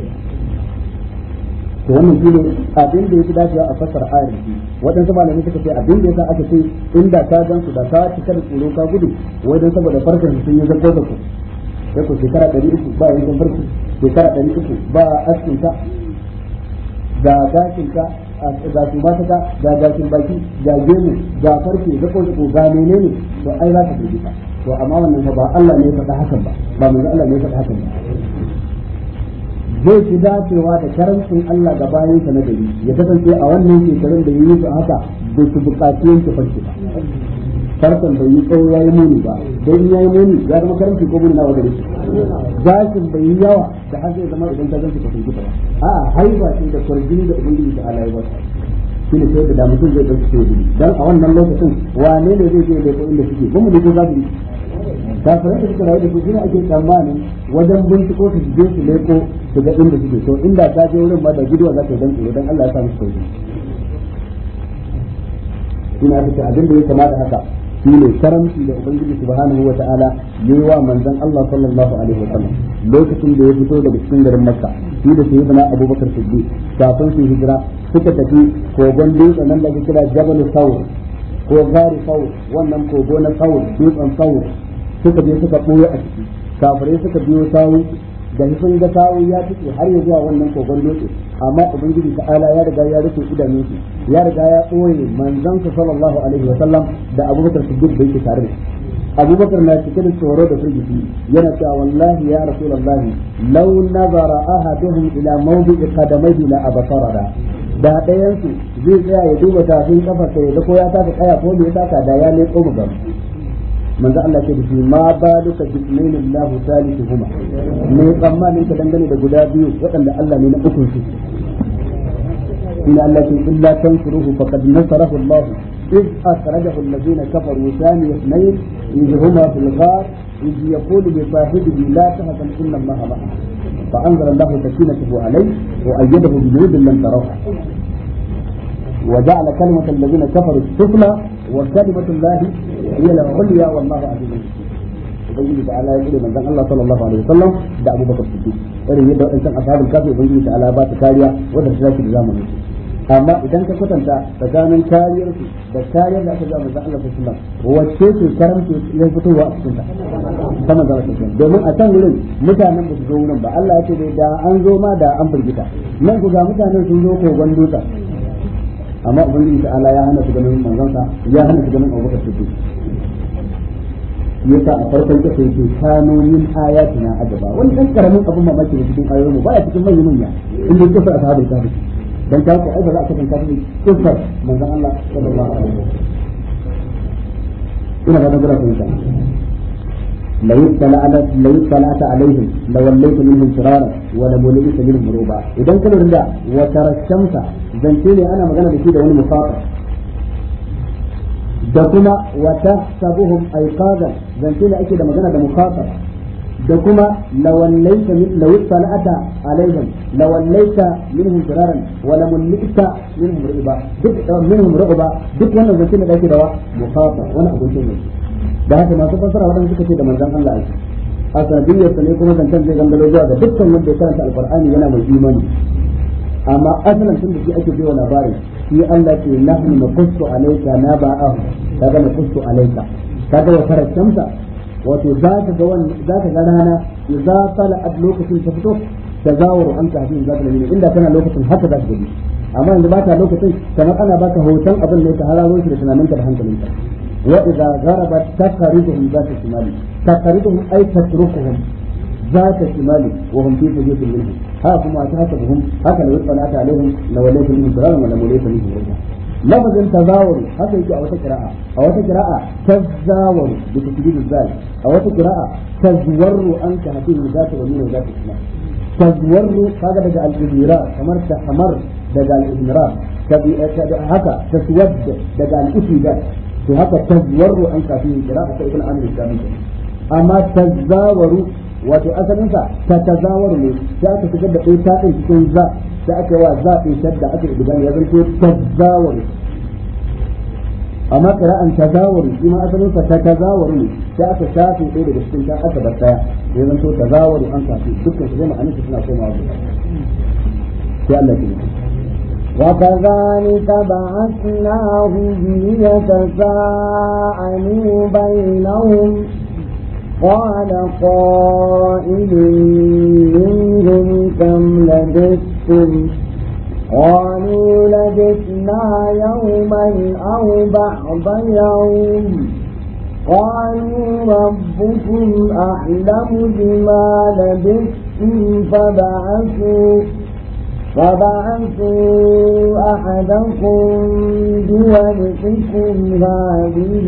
to wannan shi ne abin da yake dacewa a fasar ayar shi waɗansu malamai suka ce abin da yasa aka ce inda ka gan su da ka cika da tsoro ka gudu wai saboda farkan sun yi sai ko shekara ɗari uku ba yankan farko shekara ɗari uku ba askinta ga gashinta ga shubataka ga gashin baki ga gemu ga farce ga ko ga menene to ai za ka jika to amma wannan ba Allah ne ya faɗa hakan ba ba manzo Allah ne ya faɗa hakan ba zai fi dacewa da karancin Allah ga bayan sa na gari ya kasance a wannan shekarun da yi su haka bai su buƙaci yanke farce ba farkon bai yi tsawo yayi muni ba don yayi muni ya zama karanci ko muni na wajen shi zakin bai yi yawa da har zai zama idan ka ganci ka tuntuba ba a'a haiba shi da kwarjini da ubangiji da ala ya ba shi ne sai da damutun mutum zai ɗauki sai gudu don a wannan lokacin wane ne zai je da ko inda suke ba mu da ko za su kafirai da suka rayu da su shine ake tsammanin wajen binciko su je su leko su ga inda suke so inda ta je wurin ba da gidowa za ta dan tsoro don Allah ya sa musu sauki ina fita abin da ya kamata haka shi ne karamci da ubangiji subhanahu wa ta'ala yayi wa manzon Allah sallallahu alaihi wa sallam lokacin da ya fito daga cikin garin Makka shi da sayyidina Abubakar Siddiq kafin su hijira suka tafi kogon dutsen nan da kira Jabal Thawr ko Gari Thawr wannan kogo na Thawr dutsen Thawr suka je suka boye a ciki kafirai suka biyo sawu dan sun ga kawo ya tuke har ya zuwa wannan kogon dutse amma ubangiji ta ala ya riga ya rufe idanun ya riga ya ɓoye manzon sa sallallahu alaihi wa sallam da abubakar siddiq da yake tare da abubakar na cike da tsoro da firgici yana cewa wallahi ya rasulullahi law nazara ahaduhum ila mawdi'i qadamaihi la abasarada da haɗayansu su zai tsaya ya duba tafin kafarsa ya da ko ya taka kaya ko bai taka da ya leƙo mu gaba من ذا الله كده ما بالك جسمين الله ثالثهما من قمى من تدنجني ده غدا وقال الله من أكل فيه إن الله إلا تنصره فقد نصره الله إذ أخرجه الذين كفروا ثاني اثنين إذ هما في الغار إذ يقول لصاحبه لا تهتم إن الله معه فأنزل الله سكينته عليه وأيده بجنود لم تروها وجعل كلمة الذين كفروا السفلى wa kalimatullahi hiya al-ulya wallahu aziz ubangiji da ala ya kire manzon Allah sallallahu alaihi wasallam da Abu Bakar Siddiq irin yadda wadannan ashabul kafi ubangiji da ala ba ta kariya wanda ta shi da zamanin su amma idan ka kwatanta tsakanin kariyar su da kariyar da aka ji manzon Allah sallallahu alaihi wasallam wacce ce karamta ya fitowa a cikin ta sama da wata domin a can wurin mutanen ba su zo wurin ba Allah ya ce da an zo ma da an firgita nan ku ga mutanen sun zo kogon dutsen amma ubangiji ta ala ya hana su ganin sa ya hana su ganin abubakar su yasa a farkon kasa yake kano min na ajaba wani dan karamin abin mamaki da cikin ayoyin mu baya cikin manyan manya inda yake sa ashabu ta fi dan ta ko ai za a kasance kafin kufar manzon Allah sallallahu alaihi wasallam ina ga kun ba da gura alaihim la اطلعت minhum sirara wa la ولملئت minhum ruba idan kana rinda wa الشمس zance ne ana magana da shi da wani musafa da kuma wa tahsabuhum aiqaza zance ne ake da magana da musafa da kuma lawallaita min lawsalata alaihim lawallaita minhum firaran wa lamullita minhum ruba duk eh, minhum ruba duk wannan zance ne da ake da wa musafa wani abun ne da haka masu fassara wadanda suka ce da manzon Allah a sanadiyyar ne kuma zancen zai gangalo zuwa ga dukkan wanda ya karanta alqur'ani yana mai imani amma asalin tun da shi ake biyo labarin shi Allah ke nahnu naqussu alayka na ba'ahu kaga naqussu alayka kaga wa farashamsa wato za ka ga wannan za ka ga rana idza tala'at lokacin ta fito tazawaru an ta tahfin zaka da inda kana lokacin haka za ka gani amma yanzu baka lokacin kamar ana baka hoton abin ne ka hararo shi da tunaninka da hankalinka wa idza gharabat taqriduhum zaka shimali taqriduhum ay tatrukuhum za ka fi malin wahun fi su zai ha kuma ta haka buhun haka na wutsa na ta na wale fi nuhun na mule fi nuhun rinka tazawaru haka yake a wata kira'a a wata kira'a tazawaru da ta fi a wata kira'a tazwarru an ka hafi ta wani ne za ta fi tazwarru kaga daga al-ibira ta hamar daga al-ibira ta bi haka ta suwad daga al-ibira to haka tazwarru an ka fi kira'a ta ibn amir da amma tazawaru wato asalinka ta tazawar ne sai aka fitar da ta ɗin cikin za sai aka yi wa za ɗin shadda aka yi idigami ya zanto tazawar amma kira'an tazawar shi ma asalinka ta tazawar ne sai aka shafe ɗaya daga cikin ta aka bar ɗaya ya zanto tazawar an kafi dukkan su zama ma'anin suna koma wa zuwa sai Allah ya وكذلك بعثناهم ليتساءلوا بينهم قال قائل منهم كم لبثتم قالوا لبثنا يوما أو بعض يوم قالوا ربكم أعلم بما لبثتم فبعثوا فبعثوا أحدكم بورقكم هذه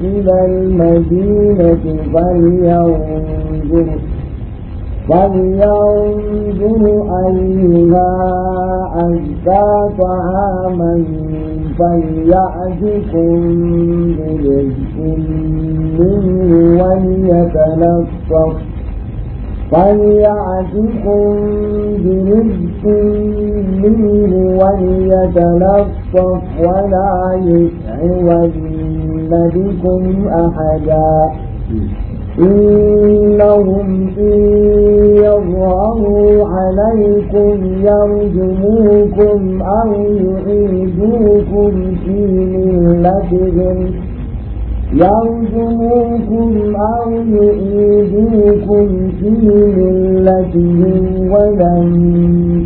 إلى المدينة فلينظر فلينظر أيها أزكى طعاما فليأتكم برزق منه وليتلطف فليعتكم برزق منه وليتلطف ولا يشعرن بكم أحدا إنهم إن يظهروا عليكم يرجموكم أو يعيدوكم في ملتهم يرجموكم أو يعيدوكم في ملتهم ولن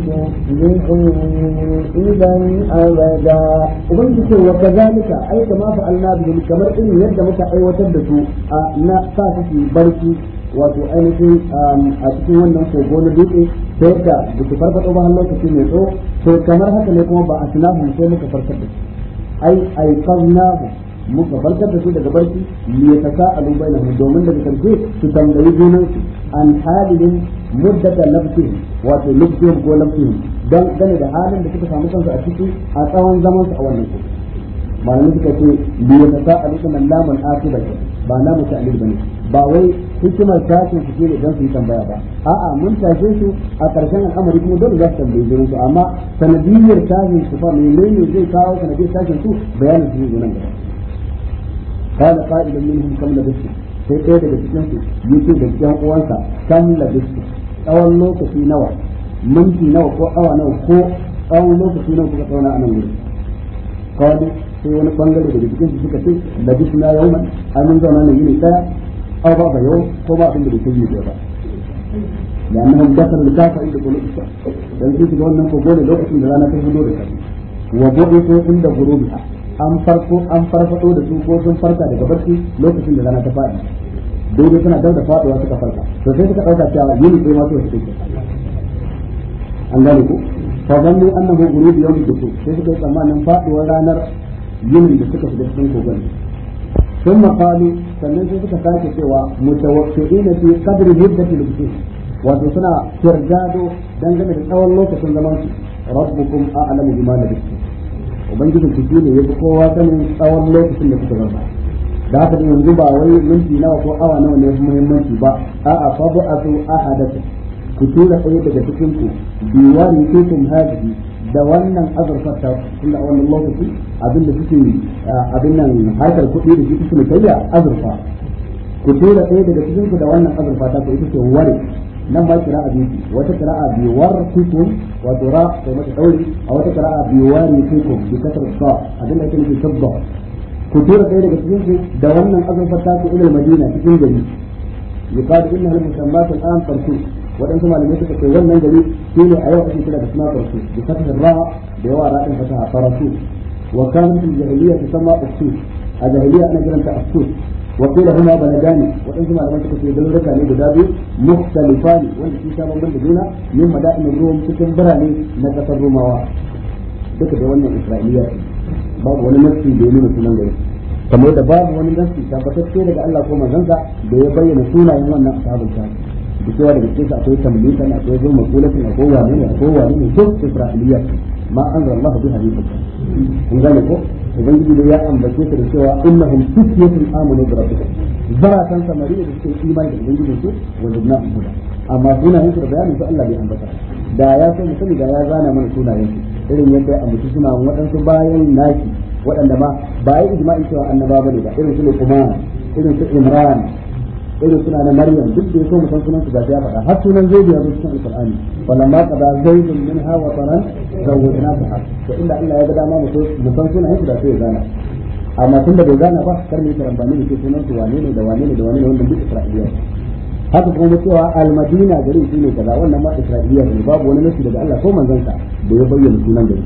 تفلحوا إذا أبدا وبنتك وكذلك أي كما فعلنا بهم كما إن يد متى أي وتبدو أنا فاتتي بركي wato ainihin a cikin wannan kogo na dutse ta yadda da su farfaɗo ba lokaci mai tsawo to kamar haka ne kuma ba a sinahun sai muka farfaɗo ai aikarnahu muka farkar da su daga barci a lubai na domin daga karshe su tambayi junansu su an halin muddata lafi wato lafi ko lafi dan gane da halin da suka samu kansu a ciki a tsawon zamansu a wannan su malamin suka ce li yatasaalu kana lamun akibar ba na lamun ta'lil bane ba wai hikimar tashin su da don su yi tambaya ba a'a mun tashe su a ƙarshen al'amari kuma dole za su tambayi junansu su amma sanadiyar tashin su fa ne zai kawo sanadiyar tashin su bayanin su ne nan gaba قال قائل منهم كم لبثتم sai ɗaya daga cikin su yake da yan uwansa kan labistu tsawon lokaci nawa minti nawa ko awa nawa ko tsawon lokaci nawa kuka tsauna a nan gurin kawai sai wani bangare daga cikin su suka ce labistu na yau an mun zauna ne yini ɗaya aw ba ba yau ko ba abin da bai kai ne ba da annahum dakar da kafa inda kullu isa dan su ga wannan ko gole lokacin da rana ta hudo da kai wa gobe ko inda ghurubiha an farko an farfado da su ko sun farka daga barci lokacin da zana ta faɗi dole suna dauda faɗuwa suka farka to sai suka ɗauka cewa yi sai ma su suke an ku. gane ko fa zanni annahu ghurub yawm dukhul sai suka yi tsammanin faɗuwar ranar yinin da suka shiga cikin kogon ثم قالوا sannan sai suka sake cewa ina fi kadiri qadri muddatil wujud wato suna kirgado dangane da tsawon lokacin zaman su rabbukum a'lamu bima labithum ubangijin ku shine yafi kowa sanin tsawon lokacin da kuka rasa da haka ne yanzu ba wai minti nawa ko awa nawa ne muhimmanci ba a'a fa bu'atu ahadakum ku tura ɗaya daga cikin ku biwari kuntum hadhihi da wannan azurfar ta tunda a wannan lokaci abinda suke abin nan harkar kuɗi da shi kai kayya azurfa ku tura ɗaya daga cikin ku da wannan azurfa ta ku ita ce ware nan ba kira'a biyu ce wata kira'a biyu war wato wa dura mata dauri a wata kira'a biyu wari kukum bi kasar sa abin da yake nufi sabba ku tura ɗaya daga cikin su da wannan azurfar ta ku ilal madina cikin gari yuqadu inna al musammat al an tarku waɗansu malamai suka ce wannan gari shine a yau ake kira da suna tarku bi kasar ra da yawa ra'in fasaha faratu wa kanat al jahiliya tusamma usus a jahiliya ana kiranta usus وقيل هما بلدان وانتم على منطقه في لك عليه بدابي مختلفان وان في شابه من بدونا من مدائن الروم تكن براني نقص الروماوة duka da wannan isra'iliya ce babu wani nassi da ya nuna sunan gari kamar da babu wani nassi tabbatacce daga Allah ko manzansa da ya bayyana sunayen wannan sahabin ta da cewa daga cikin akwai tamlikan akwai zulma kulatin akwai wani akwai wani ne ma anzala Allah bi hadith kun gane ko ubangiji da ya ambace ta da cewa innahum fityatun amanu bi rabbihim san samari da suke imani da ubangiji su wa na huda amma suna su da bayanin su Allah bai ambata da ya so sani da ya zana mana sunayen su irin yadda ya ambaci sunayen waɗansu bayan naki waɗanda ma ba yi ijma'i cewa annaba bane ba irin su ne kuma irin su imran irin suna na maryam duk da yake musan sunan su da ya faɗa har sunan zai biya cikin alqur'ani wannan ma kada yi min hawa taran zawwajna ta to inda Allah ya ga dama mu san sunan su da sai zana amma tunda bai zana ba kar mu karambani ne ke sunan su wane ne da wane ne da wane ne wannan duk isra'iliya haka kuma cewa almadina shi ne kaza wannan ma isra'iliya ne babu wani nasi daga Allah ko manzon sa da ya bayyana sunan gari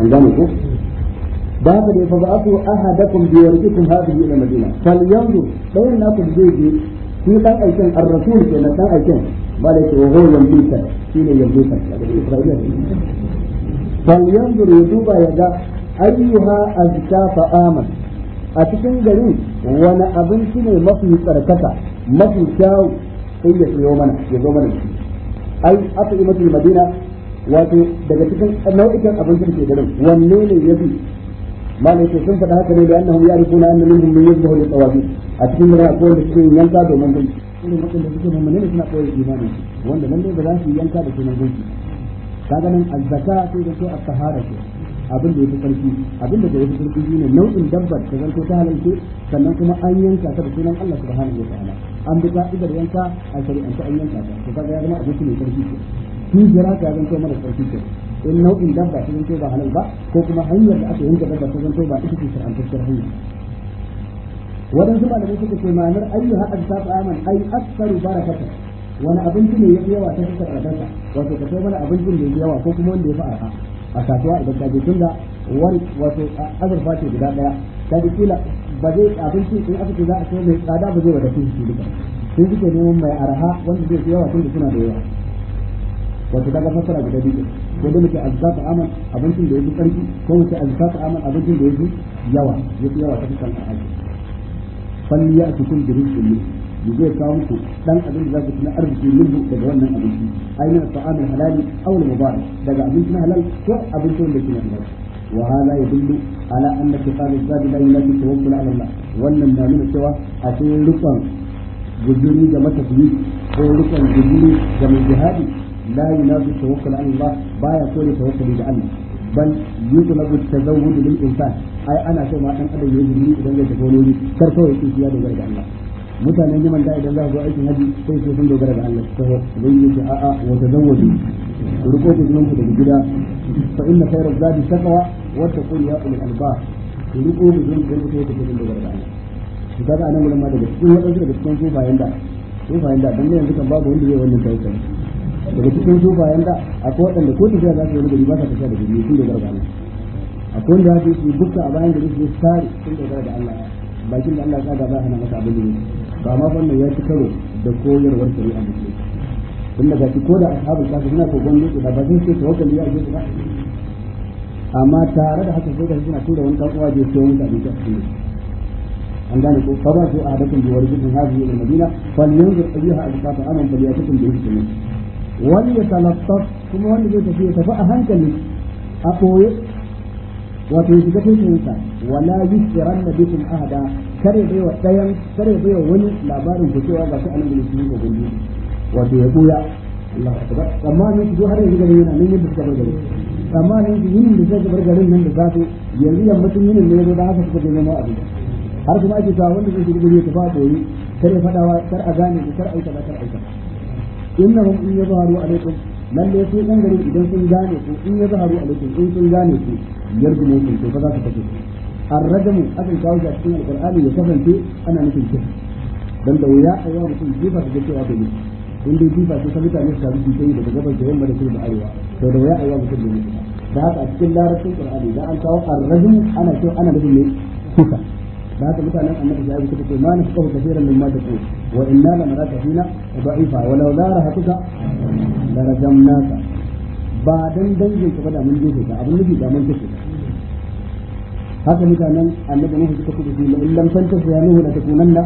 an gane ko da haka dai fa ba'athu ahadakum bi warqikum hadhihi ila madina falyanzur dayan naku zai je shi dan aikin ar-rasul kenan dan aikin malaka wa huwa yamduka shine yamduka daga isra'ila falyanzur ya duba ya ga ayyuha azka fa aman a cikin garin wani abinci ne mafi tsarkaka mafi kyawu sai ya siyo mana ya zo mana aka yi daga cikin nau'ikan abincin ke garin wanne ne ya ما ليس سن هكذا لأنهم يعرفون أن منهم من يذبح للطوابين أتكلم لا أقول بسكين ينكا دومن بنتي irin waɗanda suke na suna koyar imani wanda nan dai ba za su yanka da sunan gunki kaga nan azzaka sai da sai at-tahara ce abin da yafi sarki abin da yafi sarki shine nau'in dabbar ta zan ta halalce sannan kuma an yanka ta da sunan Allah subhanahu wa ta'ala an bi ka'idar yanka a an yanka ta to kaga ya zama abin ne sarki ce hijira ta zanto mana sarki ce in nau'in dabba ta zanto ba halal ba ko kuma hanyar da aka yanke dabba ta zanto ba ita ce shar'antacciyar hanya wadansu malamai suka ce ma'anar ayyuha azsaba aman ay aktsaru barakatan wani abinci ne ya fi yawa ta fuskar radarsa wato ka sai mana abincin da ya yawa ko kuma wanda ya fi arha a kasuwa idan ka je tunda wani wato azurfa ce guda daya ta ji kila ba zai abinci in aka ce za a sai mai tsada ba zai wadatu shi duka Sun suke neman mai arha wanda zai fi yawa da suna da yawa wato daga fassara guda biyu ko da muke azzat amal abincin da ya fi karfi ko muke azzat amal abincin da ya fi yawa ya yafi yawa ta kan aji fal ya'tukum bi rizqin min yaje kawo muku dan abin da zaku tuna arziki min daga wannan abinci aina ta'amul halali aw al-mubarak daga abincin halal ko abincin da kina halal وهذا يدل على ان اتخاذ الزاد لا ينافي التوكل على الله wannan na nuna cewa a cikin rukun guduri ga matafiyi ko rukun guduri ga mai لا ينافي التوكل على الله بايا كوري توكل إلى الله بل يطلب التزود للإنسان أي أنا شو ما أن أدري يجري إذا لم تقولوني كرتوا يكون زيادة غير الله mutanen yaman da idan za su aikin haji sai su sun dogara da Allah ta zai yi ta a'a wa tazawwaju ku riko ku zumunku daga gida fa inna khayra zadi taqwa wa taqul ya ulul albab ku riko ku zumunku daga gida sun dogara da Allah ku kaga anan gurin ma daga cikin wadansu daga cikin sufayen da sufayen da daga cikin sufayen da akwai waɗanda ko tafiya za su wani gari ba sa tafiya da gari sun dogara ga Allah akwai wanda za su yi bukka a bayan gari su yi sare sun dogara da Allah bakin da Allah ya tsaga ba hana masa abin da ba ma wannan ya ci karo da koyarwar shari'a a ke tun daga shi ko da ashabul kafi suna kogon dutse ba zai ce tawakkali ya je ba amma tare da haka sai da suna tura wani dan uwa je sai wani abinci a cikin an gane ko fa ba su a hadakin biwar gudun hajji ila madina fal yanzu ayyuha al-fata aman fal yatakum bi hikmatin wani ya talaffaf kuma wanda zai tafi ya tafi a hankali a ɓoye wato ya shiga tuntunsa wala yusiran na bikin ahada kare bai wa ɗayan kare bai wa wani labarin ku cewa ga su anan gudu sun gobe wato ya ɓoya Allah akbar amma ne su har yanzu gari yana nan yadda suka bar gari amma ne su yinin da suka bar garin nan da za su yanzu yammacin yinin ne da haka suka je neman abin har kuma ake cewa wanda zai shiga gari ya tafi a ɓoye kar ya faɗawa kar a gane kar aikata kar aikata innahum in yadharu alaikum lalle sai dan garin idan sun gane ku in yadharu alaikum in sun gane ku yarjumu ku to fa za su fito arrajamu akan kawo shi a cikin alqur'ani ya kasance ana nufin kisa dan da wuya a yawa mutum jifa da cewa bai yi in dai jifa sai ka mutane su tafi su yi daga gabar da yamma da kudu da arewa to da wuya a yawa mutum bai yi da haka a cikin larabcin qur'ani da an kawo arrajum ana cewa ana nufin ne kisa هذا مثلا ان النبي جاء ما نفقه كثيرا مما تقول وانا لمرات فينا ضعيفا ولو لا رهتك لرجمناك بعد ان دنجك بدا من جيشك ابو نجي دا من جيشك هذا مثلا ان النبي نوح تكتب فيه لئن لم تنتهي يا لتكونن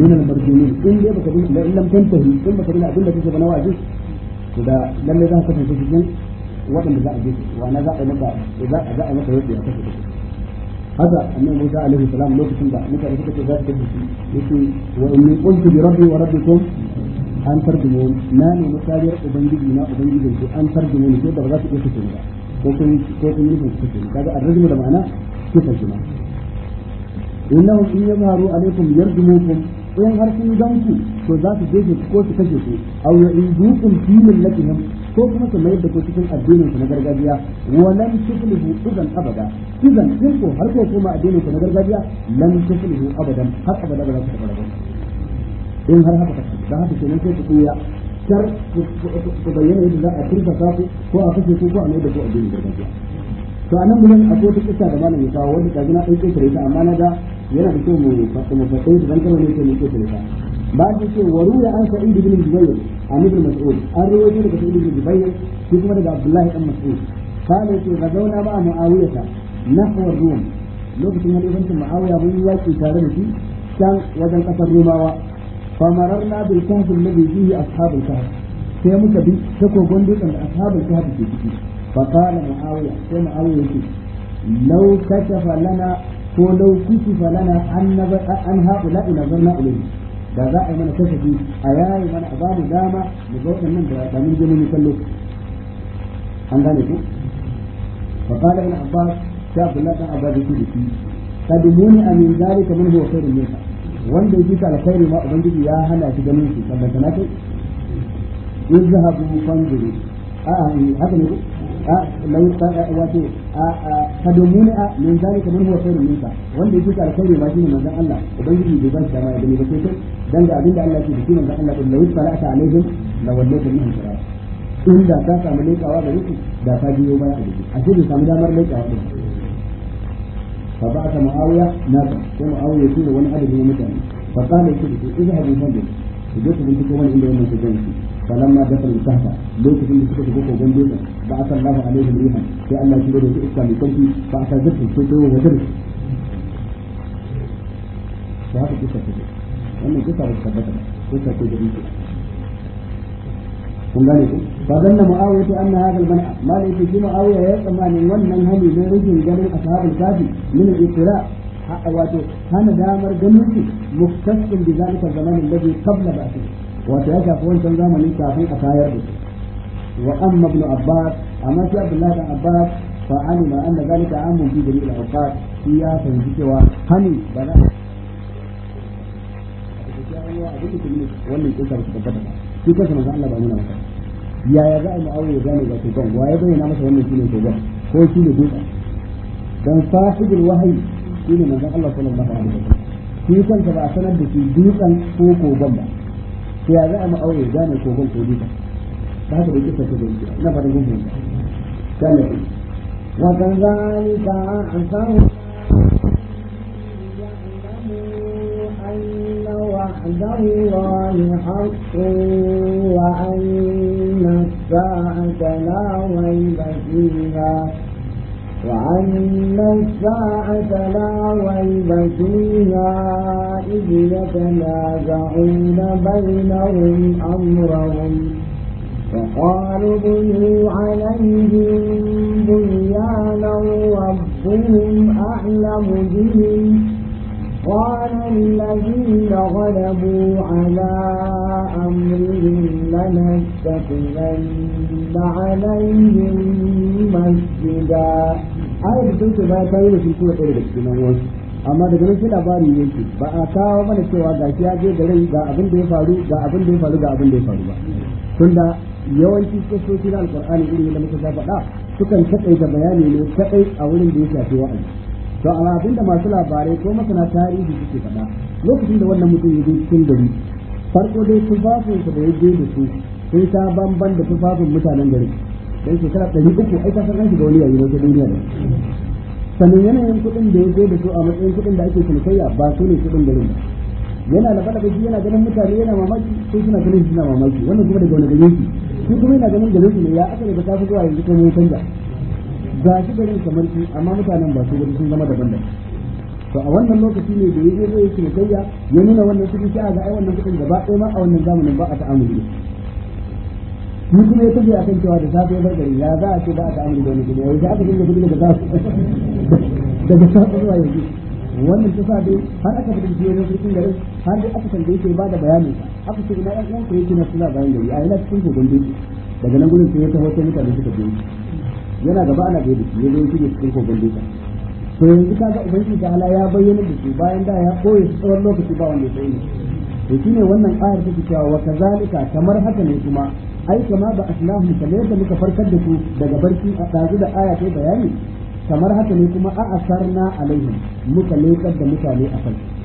من المرجومين ان لم تنتهي لئن لم تنتهي ثم تكون عبد إن تكتب نواجه اذا لم يذهب تكتب في الجنه وطن بزاء الجيش وانا ذا مكه اذا ذا مكه يبدو يعتقد هذا أن موسى عليه السلام لو كنت متى رفضت ذات كبسي يقول وإني قلت بربي وربكم أن ترجمون ناني مساجر أبنجدنا أبنجدنا أن ترجمون كيف بغضات يكتن وكن كيف يكتن هذا الرجم ده معناه كيف الجمع إنهم إن يظهروا عليكم يرجموكم إن هرسوا جنكم فذات جيش كوش كشفوا أو يعيدوكم في ملتهم ko kuma su mayar da ku cikin addinin ku na gargajiya walan tuflihu idan abada idan kin ko har ko kuma addinin ku na gargajiya lan tuflihu abadan har abada ba za ku tabbata ba in har haka take da haka kenan sai ku tsaya kar ku bayyana yadda za a turka ku ko a kace ku ko a mayar da ku addinin gargajiya to a nan a akwai wata kisa da malam ya kawo wanda kaji na ɗauke ta amma na ga yana da kyau mu fasamu fasamu dan kana ne ke ne ke ta بعد شيء وروي عن سعيد بن جبير عن ابن مسعود الرواية لك سعيد بن جبير في كما عبد الله بن مسعود قال في غزونا مع معاوية نحو الروم لوكتين هل يبنت معاوية من يواجه تاريخي كان وزن قصر روماوة فمررنا بالكهف الذي فيه أصحاب الكهف sai muka bi ta kogon dutsen da ashabul kahfi ke ciki fa qala muawiya sai muawiya yake law kashafa lana ko law kashafa lana an an haula ila zarna ilayhi da za a yi mana kasafi a yayi mana a ba mu dama mu ga nan da da mun je mun kallo an gane ku fa qala ibn abbas ta abdullah ibn abbas yake da shi kadumuni amin zalika min huwa da minka wanda yake ta alkhairi ma ubangiji ya hana shi ganin shi sallan kana kai yuzhabu fanzuru a haka ne a ta wato ka fa domin a min zalika man huwa khairun ka wanda yake ka alkhairi ba shine manzon Allah ubangiji bai ban dama ya gani ba sai kai dan ga abinda Allah ke cikin manzon Allah kullu salata alaihim la ta minhum salat in da ka samu lekawa da rufi da ka biyo baya a jiki a cikin samu damar lekawa din fa ba ta muawiya na ka sai muawiya shi ne wani adadi na mutane fa kana yake da shi idhabu fadl ku je ko binciko inda wannan ku gani فلما دخل الكهف ليس في مسكة بوكو جنبيزا بعث الله عليهم ريحا كأن شبه تئسا لكلبي بعث زفر سوكو وزرس فهذا قصة كده لما قصة وتثبتنا قصة كده بيكا فمدانيكو فظن معاوية أن هذا المنع ما ليس في معاوية يسمى أن يولن هم يزوجهم جميع أصحاب الكافي من الإطلاع حق واتو كان دامر مختص بذلك الزمان الذي قبل بعثه wato ya shafi wancan zamanin kafin a tayar da su wa amma ibn abbas amma shi abdullahi dan abbas fa alima anna zalika amun fi dalil al-awqat shi ya fahimci cewa hani ba za wannan kisa ba su tabbata ba shi kansa manzo Allah ba nuna masa yaya za a mu'awiya ya gane ga tuban wa ya bayyana masa wannan shine tuban ko shine dutsen dan fasidul wahayi shine manzo Allah sallallahu alaihi wasallam shi kansa ba a sanar da shi dutsen ko kogon ba ya za a ma'auye gane ko ban ko lita ba haka da kisa ta da ita na fatan kun fahimta kana wa kadhalika asahu وعد الله حق وأن الساعة لا ريب فيها وأن الساعة لا ريب فيها إذ يتنازعون بينهم أمرهم فقالوا بنوا عليهم بنيانا ربهم أعلم بهم قال الذين غلبوا على أمرهم لنتخذن عليهم مسجدا ayar da take baya kawo da shi kuma ɗaya da cikin nan amma daga nan sai labarin yake ba a kawo mana cewa ga shi ya je da rai ga abin da ya faru ga abin da ya faru ga abin da ya faru ba tunda yawanci kisoshi na alkur'ani irin da muka faɗa sukan taƙaita bayani ne kaɗai a wurin da ya shafi wa'azi to amma da masu labarai ko masana tarihi suke faɗa lokacin da wannan mutum ya je cikin gari farko dai tufafinsa da ya je da su sai ta bamban da tufafin mutanen gari dan shekara ɗari uku ai ta san da wani yayi na duniya ne sannan yanayin kuɗin da ya je da su a matsayin kuɗin da ake cinikayya ba su ne kuɗin gari ba yana da fada gaji yana ganin mutane yana mamaki sai suna ganin suna mamaki wannan kuma daga wani gare shi shi kuma yana ganin gare ne ya aka daga tafi zuwa yanzu kuma ya canja ga shi garin kamar shi amma mutanen ba su gudu sun zama daban daban to a wannan lokaci ne da yaje zai yi kayya ya nuna wannan kudin a ga ai wannan kudin gaba ɗaya ma a wannan zamanin ba a ta'amuli ni kuma ya tafi akan cewa da safe bar gari ya za a ce ba a ta'amuli da wani ya wuce aka dinga kudi daga zafi daga safe zuwa yanzu wannan ta sa dai har aka fi jiya na cikin garin har dai aka tambaye shi ba da bayani aka ce na ɗan uwan ka yake na suna bayan gari a yana cikin kogon daji daga nan gudun sai ya taho ta mutane suka biyo yana gaba ana da shi ya zo shige cikin kogon dutsen to yanzu kaga ubangiji ta ala ya bayyana da su bayan da ya koye su tsawon lokaci ba wanda ya sani to shine wannan ayar take cewa wa kazalika kamar haka ne kuma ai kama ba aslahum kamar yadda muka farkar da su daga barci a dazu da aya ta bayani kamar haka ne kuma a asarna alaihim muka lekar da mutane a farko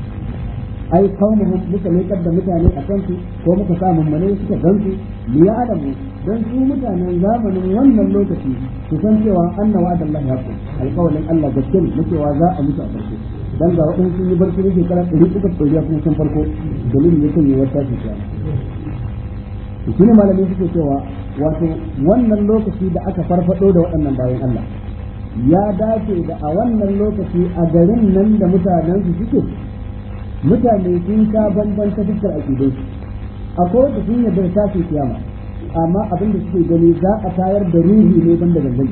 ai kaumuhum muka ne da mutane a kan su ko muka sa mummune suka gansu ya adamu dan su mutanen zamanin wannan lokaci su san cewa anna ya ku alqawlin Allah gaskiya ne wa za a mutu a farko dan ga wadansu sun yi barci ne shekara 300 kuma sun farko dalilin yake ne wata ta shi ne malamin suke cewa wato wannan lokaci da aka farfado da waɗannan bayan Allah ya dace da a wannan lokaci a garin nan da mutanen su suke mutane sun ta bambanta dukkan akidai akwai wanda sun yadda da tashi kiyama amma abin da suke gani za a tayar da ruhi ne banda gangan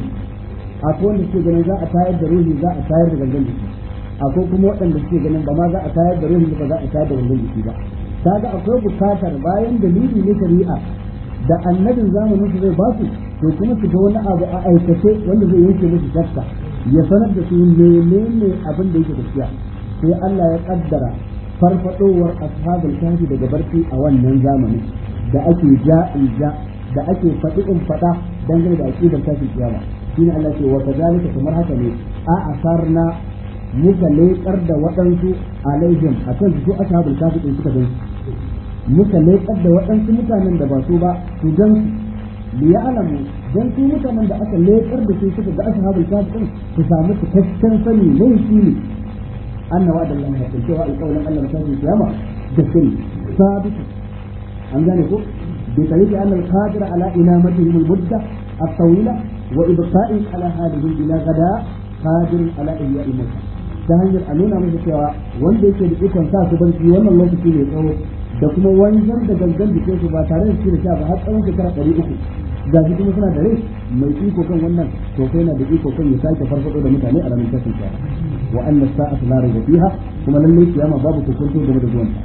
akwai da suke gani za a tayar da ruhi za a tayar da gangan jiki akwai kuma waɗanda suke ganin ba ma za a tayar da ruhi ba za a tayar da gangan jiki ba kaga akwai bukatar bayan dalili na shari'a da annabin zamanin su zai basu to kuma su ga wani abu a aikace wanda zai yanke musu shakka ya sanar da su menene abin da yake gaskiya sai Allah ya kaddara farfadowar ashabul kahfi daga barci a wannan zamani da ake ja'in ja da ake faɗi in faɗa dangane da aqidar kafin kiyama shine Allah ce wa kadhalika kamar haka ne a asarna muka leƙar da waɗansu alaihim akan su ashabul kahfi din suka gan muka leƙar da waɗansu mutanen da ba su ba su gan su li ya'lamu dan su mutanen da aka leƙar da su suka ga ashabul kahfi din su samu cikakken sani mai shi ne أن وعد الله يقول شوها القول أن مشاهد القيامة بالسن ثابت أم ذلك بطريق أن القادر على إنامتهم المدة الطويلة وإبقائهم على هذه بلا غداء قادر على إحياء الموتى ta hanyar a nuna cewa wanda yake da ikon sa su barci wannan lokaci mai tsawo da kuma wanzar da gangan da su ba tare da shi da sha ba har tsawon shekara ɗari uku ga shi kuma suna da rai mai iko kan wannan to kai na da iko kan ya sake farfaɗo da mutane a ranar tashin wa anna sa'ata la fiha kuma lalle kiyama babu kokonto game da zuwanta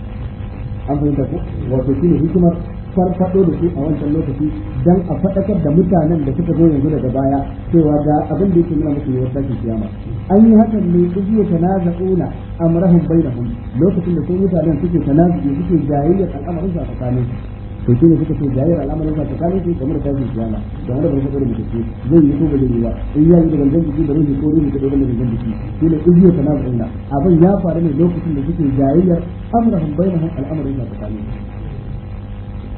an fahimta ko wato shine hikimar farfado da shi a wancan lokaci dan a fadakar da mutanen da suka zo yanzu daga baya cewa ga abin da yake nuna musu ne wata kiyama an yi hakan ne kuji ya bai da bainahum lokacin da su mutanen suke tanazu'i suke jayayyar al'amarin su a to shi ne suka ce jayyar al'amarin sa tsakanin su kamar ta zuci yana da wanda ba fito da mutunci zai yi ko ba zai yi ba in ya yi da gangan jiki da ruhi ko ruhi da gangan jiki shi ne ujiyar ta nazu inda abin ya faru ne lokacin da suke jayyar amrahum bainahum al'amarin sa tsakanin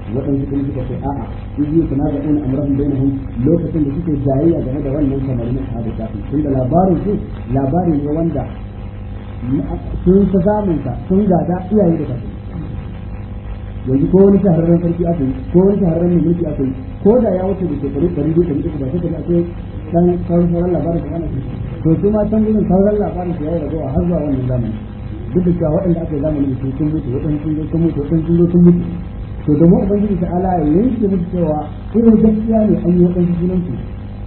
su waɗansu kuma suka ce a'a ujiyar ta nazu inda amrahum bainahum lokacin da suke jayayya game da wannan kamarin sa da kafin da labarin su labarin ne wanda sun ta zamunta sun gada iyaye da kafin yanzu ko wani shahararren sarki aka yi ko wani shahararren mai mulki aka yi ko da ya wuce da shekaru ɗari biyu ɗari uku ba sai ka akwai dan sauran labarin da ana to su ma can gudun sauran labarin su yayi ragowa har zuwa wannan zamani duk da cewa waɗanda aka yi zamani su sun mutu waɗanda sun zo sun mutu waɗanda sun zo sun mutu to domin ubangiji ta ala ya yanke mutu cewa irin gaskiya ne an yi waɗansu sunansu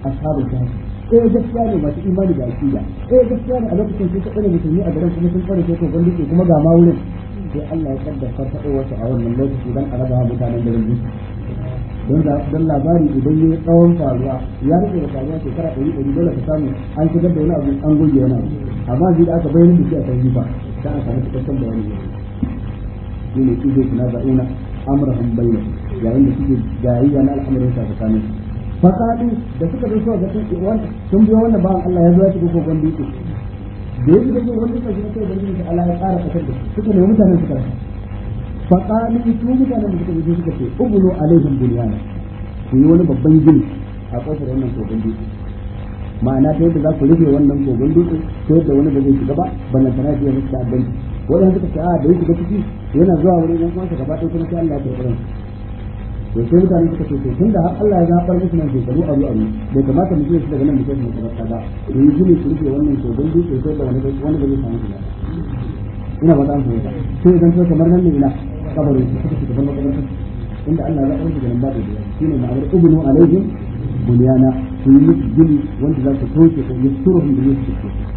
a sabon shahararren eh gaskiya ne masu imani da aƙida eh gaskiya ne a lokacin sun kaɗa da musulmi a garin kuma sun fara sai ko bandike kuma ga ma wurin sai Allah ya kaddasa faɗowarsa a wannan lokaci don a raba mutanen da rubu don labari idan ya tsawon faruwa ya rike da faruwa shekara ɗari ɗari dole ka samu an shigar da wani abu an goge wani abu amma zai da aka bayyana da shi a sauri ba ta a samu cikakken bayani ne shi ne kije kuna za'una amrahum bayyana yayin da suke jayayya na al'amarin sa tsakanin fasaɗu da suka shi zo suka wani sun biyo wannan bawan Allah ya zo ya shiga kogon dutse da yake dai wani kashi kai da yake Allah ya tsara kasar da suka ne mutanen suka rasa fa qalu su mutanen da suka je suka ce ubulu alaihim bunyana ku yi wani babban gini a kofar wannan kogon dutse ma'ana ta yadda za ku rufe wannan kogon dutse ta yadda wani ba zai shiga ba ballan sana ya rasa abin wadanda suka ce a ah, da yake da ciki yana zuwa wurin yan kwansa gaba ɗaya kuma sai Allah ya karɓi ransa to sai mutane suka ce tun da Allah ya gafar musu nan shekaru a abu bai kamata mu shi daga nan mu kai mu tabbata ba don yi ne su wannan to don duk sai da wani wani da samu shi ina ba ta amfani da sai idan sai kamar nan ne ina kabarin su suka shiga wannan kabarin inda Allah ya gafar nan ba da biya shine ma'anar ibnu alaihim bunyana su yi musu gini wanda za su kauce ko yasturuhum bi yusuf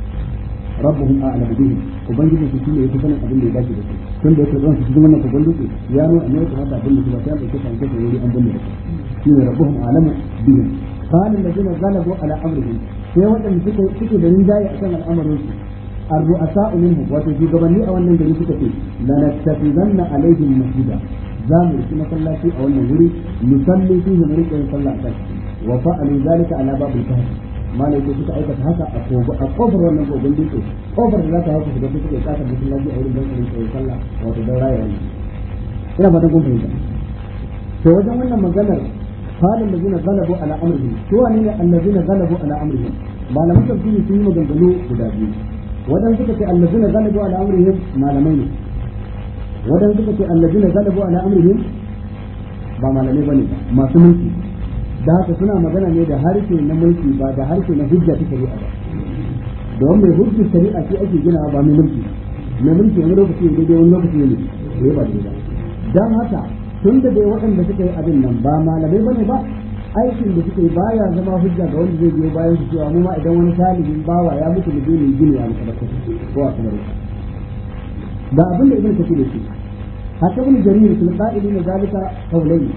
rabbuhum a'lam bihim ubangiji su shine yake sanin abin da ya dace da su tun da yake zuwa cikin wannan kogon dutse ya nuna annabi ta hada abin da ba ta dauke ta an kace wuri an bunne da su shine rabbuhum a'lam bihim qala allazina zalabu ala amrihim sai wadanda suke suke da rinjaye akan al'amarin su الرؤساء منهم وتجيبني أو أن يجري كتبه لنتخذن عليهم مسجدا زامر كما صلى في أو أن يجري نصلي فيه مريكا يصلى أساسا وفعلوا ذلك على باب الكهف mana yake suka aikata haka a kogo a kofar wannan kogon dutse kofar da za ta hauka shiga suke kasar bikin lafi a wurin don su rinka sallah wato don raya wannan ina fatan kun fahimta to wajen wannan maganar halin da zina galabu ala amrihim to wani ne allazina galabu ala amrihim malaman tafsiri sun yi maganganu guda biyu wadan suka ce allazina galabu ala amrihim malamai ne wadan suka ce allazina galabu ala amrihim ba malamai bane masu mulki da haka suna magana ne da harshe na mulki ba da harshe na hujja ta shari'a ba don mai hujjar shari'a shi ake gina ba mai mulki mai mulki wani lokaci ne daidai wani lokaci ne da ya ba daidai haka tun da dai waɗanda suka yi abin nan ba malamai ba ne ba aikin da suka yi baya zama hujja ga wanda zai biyo bayan su cewa mu ma idan wani talibin bawa ya mutu mu je gini a makarantar ko a kamar ba abin da ibn kafir yake haka ibn jarir sun qa'ili zalika qawlaini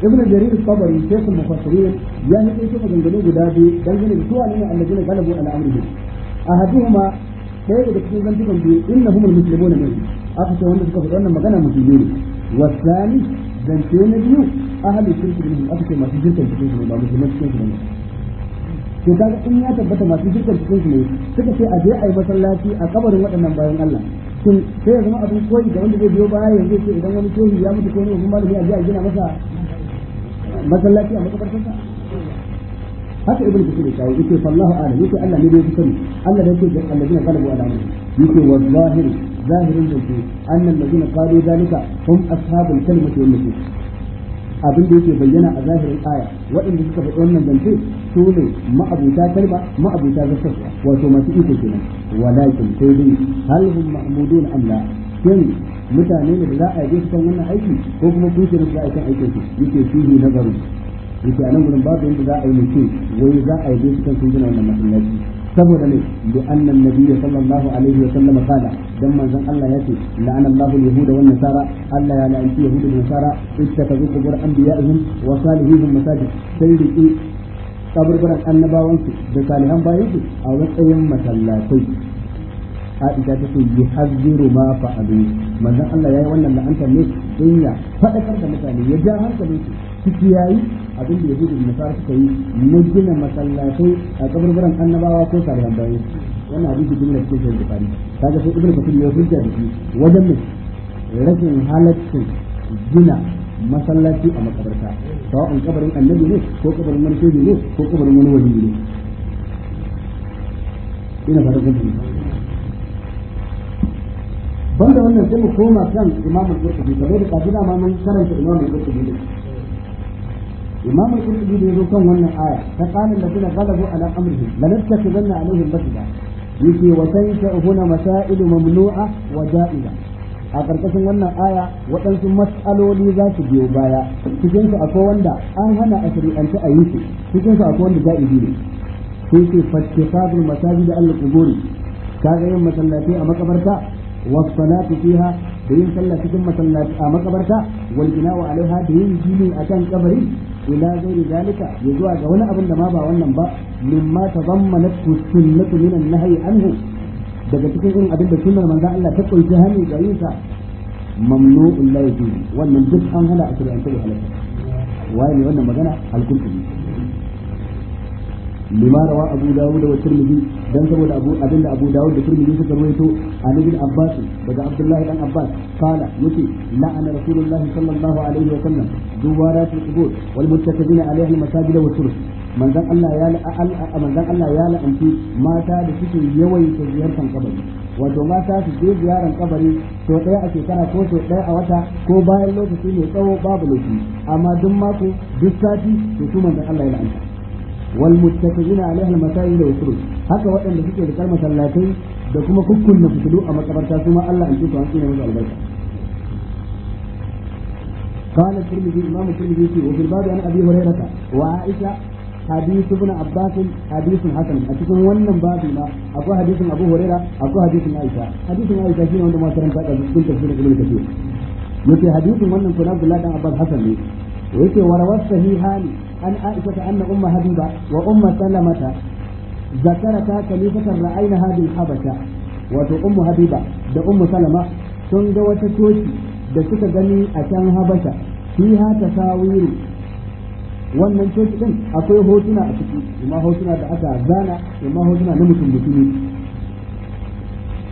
ibn jarir sabari sai sun mufassirin ya yi ɗauki maganganu guda biyu dangane da suwa ne allazina galabu ala amrihi ahaduhuma da daga cikin zantukan biyu innahum almuslimuna min aka ce wanda suka faɗi wannan magana musulmi ne wasani zance na biyu ahalin shirki ne aka ce masu shirka cikin su ba to kaga in ya tabbata masu shirka cikin su ne suka ce a je a yi masallaci a kabarin waɗannan bayan Allah shin sai ya zama abin koyi ga wanda zai biyo baya yanzu ce idan wani shehi ya mutu ko ne kuma malami a je a gina masa masallaci a makabartar sa haka ibnu kasir ya yi yake fallahu alam yake Allah ne da yake sani Allah da yake ga alladina qalabu ala amri yake wa zahir zahirin da ke annal ladina qalu zalika hum ashabul kalimati wal nusus abin da yake bayyana a zahirin aya waɗanda suka faɗi wannan zance su ne ma'abuta kalba ma'abuta zasarwa wato masu iko kenan walakin sai dai hal hum ma'mudun allah shin mutane ne da za a yaje su kan wannan aiki ko kuma kun shirin za a kan aikin su yake fihi nazaru yake a nan gudun babu yadda za a yi mutum wai za a yaje su kan sun gina wannan masallaci saboda ne bi annan nabiyyi sallallahu alaihi wa sallam kana dan manzon Allah ce la'ana Allahu al-yahuda wannan nasara Allah ya la'anci yahuda da nasara ittakazu qubur anbiya'ihim wa salihihim masajid sai riki kaburburan annabawansu da salihan bayansu a matsayin masallatai Aisha ta ce yi hazziru ma fa'alu manzon Allah yayi wannan la'antar ne in ya faɗakar da mutane ya ja hankali su su kiyayi abin da yahudu da nasara suka yi na gina masallatai a kaburburan annabawa ko sabon bayi wannan abin hadisi jumla cikin sahih bukhari kaga sai ibnu kathir ya hujja da shi wajen ne rashin halaccin gina masallaci a makabarta ta wa'an kabarin annabi ne ko kabarin wani ne ko kabarin wani wali ne ina fatan kuma Wanda wannan sai mu koma kan imamu qurtubi bai da kafina ma mun karanta imamu qurtubi da imamu qurtubi da yazo kan wannan aya ta da kuna galabu ala amrihi lanattakhidanna alaihim masjida yake wa ta huna masailu mamnu'a wa ja'ila a karkashin wannan aya waɗansu masaloli za su biyo baya cikin su akwai wanda an hana a shari'ance a yi su cikin su akwai wanda ja'ibi ne sai ce fattifadul masajid al-quburi kaga yin masallati a makabarta والصلاة فيها بين صلى ثم صلى مقبرتا والبناء عليها بين جيني أتان قبري إلى غير ذلك يزوى جوانا أبن ما با ونن با مما تضمنته السنة من النهي عنه daga cikin irin abin da sunnar manzo Allah ta kunshi hani ga yinsa mamnu'un la yajuz wannan duk an hana a shirye an tabi ne wannan magana al limara rawa abu dawud da tirmidhi dan saboda abu abinda abu dawud da tirmidhi suka rawaito a ibn abbas daga abdullahi dan abbas kana yace la rasulullahi sallallahu alaihi wa sallam duwara al-qubur wal muttakidina alaihi masajid wa turus manzon Allah ya la manzon Allah ya la'anci mata da suke yawaita ziyartar kabari wato mata su je ziyaran kabari to ɗaya a shekara ko to ɗaya a wata ko bayan lokaci mai tsawo babu lokaci amma duk mako duk sati to su manzon Allah ya anti wal muttaqina alaiha al masajid wa turus haka waɗanda suke da kalmar sallatai da kuma kukkunna fitilu a makabarta su ma Allah an tuka an tsine musu albarka قال الترمذي الإمام الترمذي وفي الباب عن أبي هريرة وعائشة حديث ابن عباس حديث حسن أتكون ونن بابنا أبو حديث أبو هريرة أبو حديث عائشة حديث عائشة شيء عندما سرم بعد كنت في كثير يقول حديث ونن كنا عبد الله بن عباس حسن yake warawar ne an aisha anna umma habiba wa umma salamata zakarata kalifatan ra'aynaha bil habasha wato ummu habiba da ummu salama sun ga wata coci da suka gani a can habasha fiha wannan coci din akwai hotuna a ciki amma hotuna da aka zana amma hotuna na mutum mutumi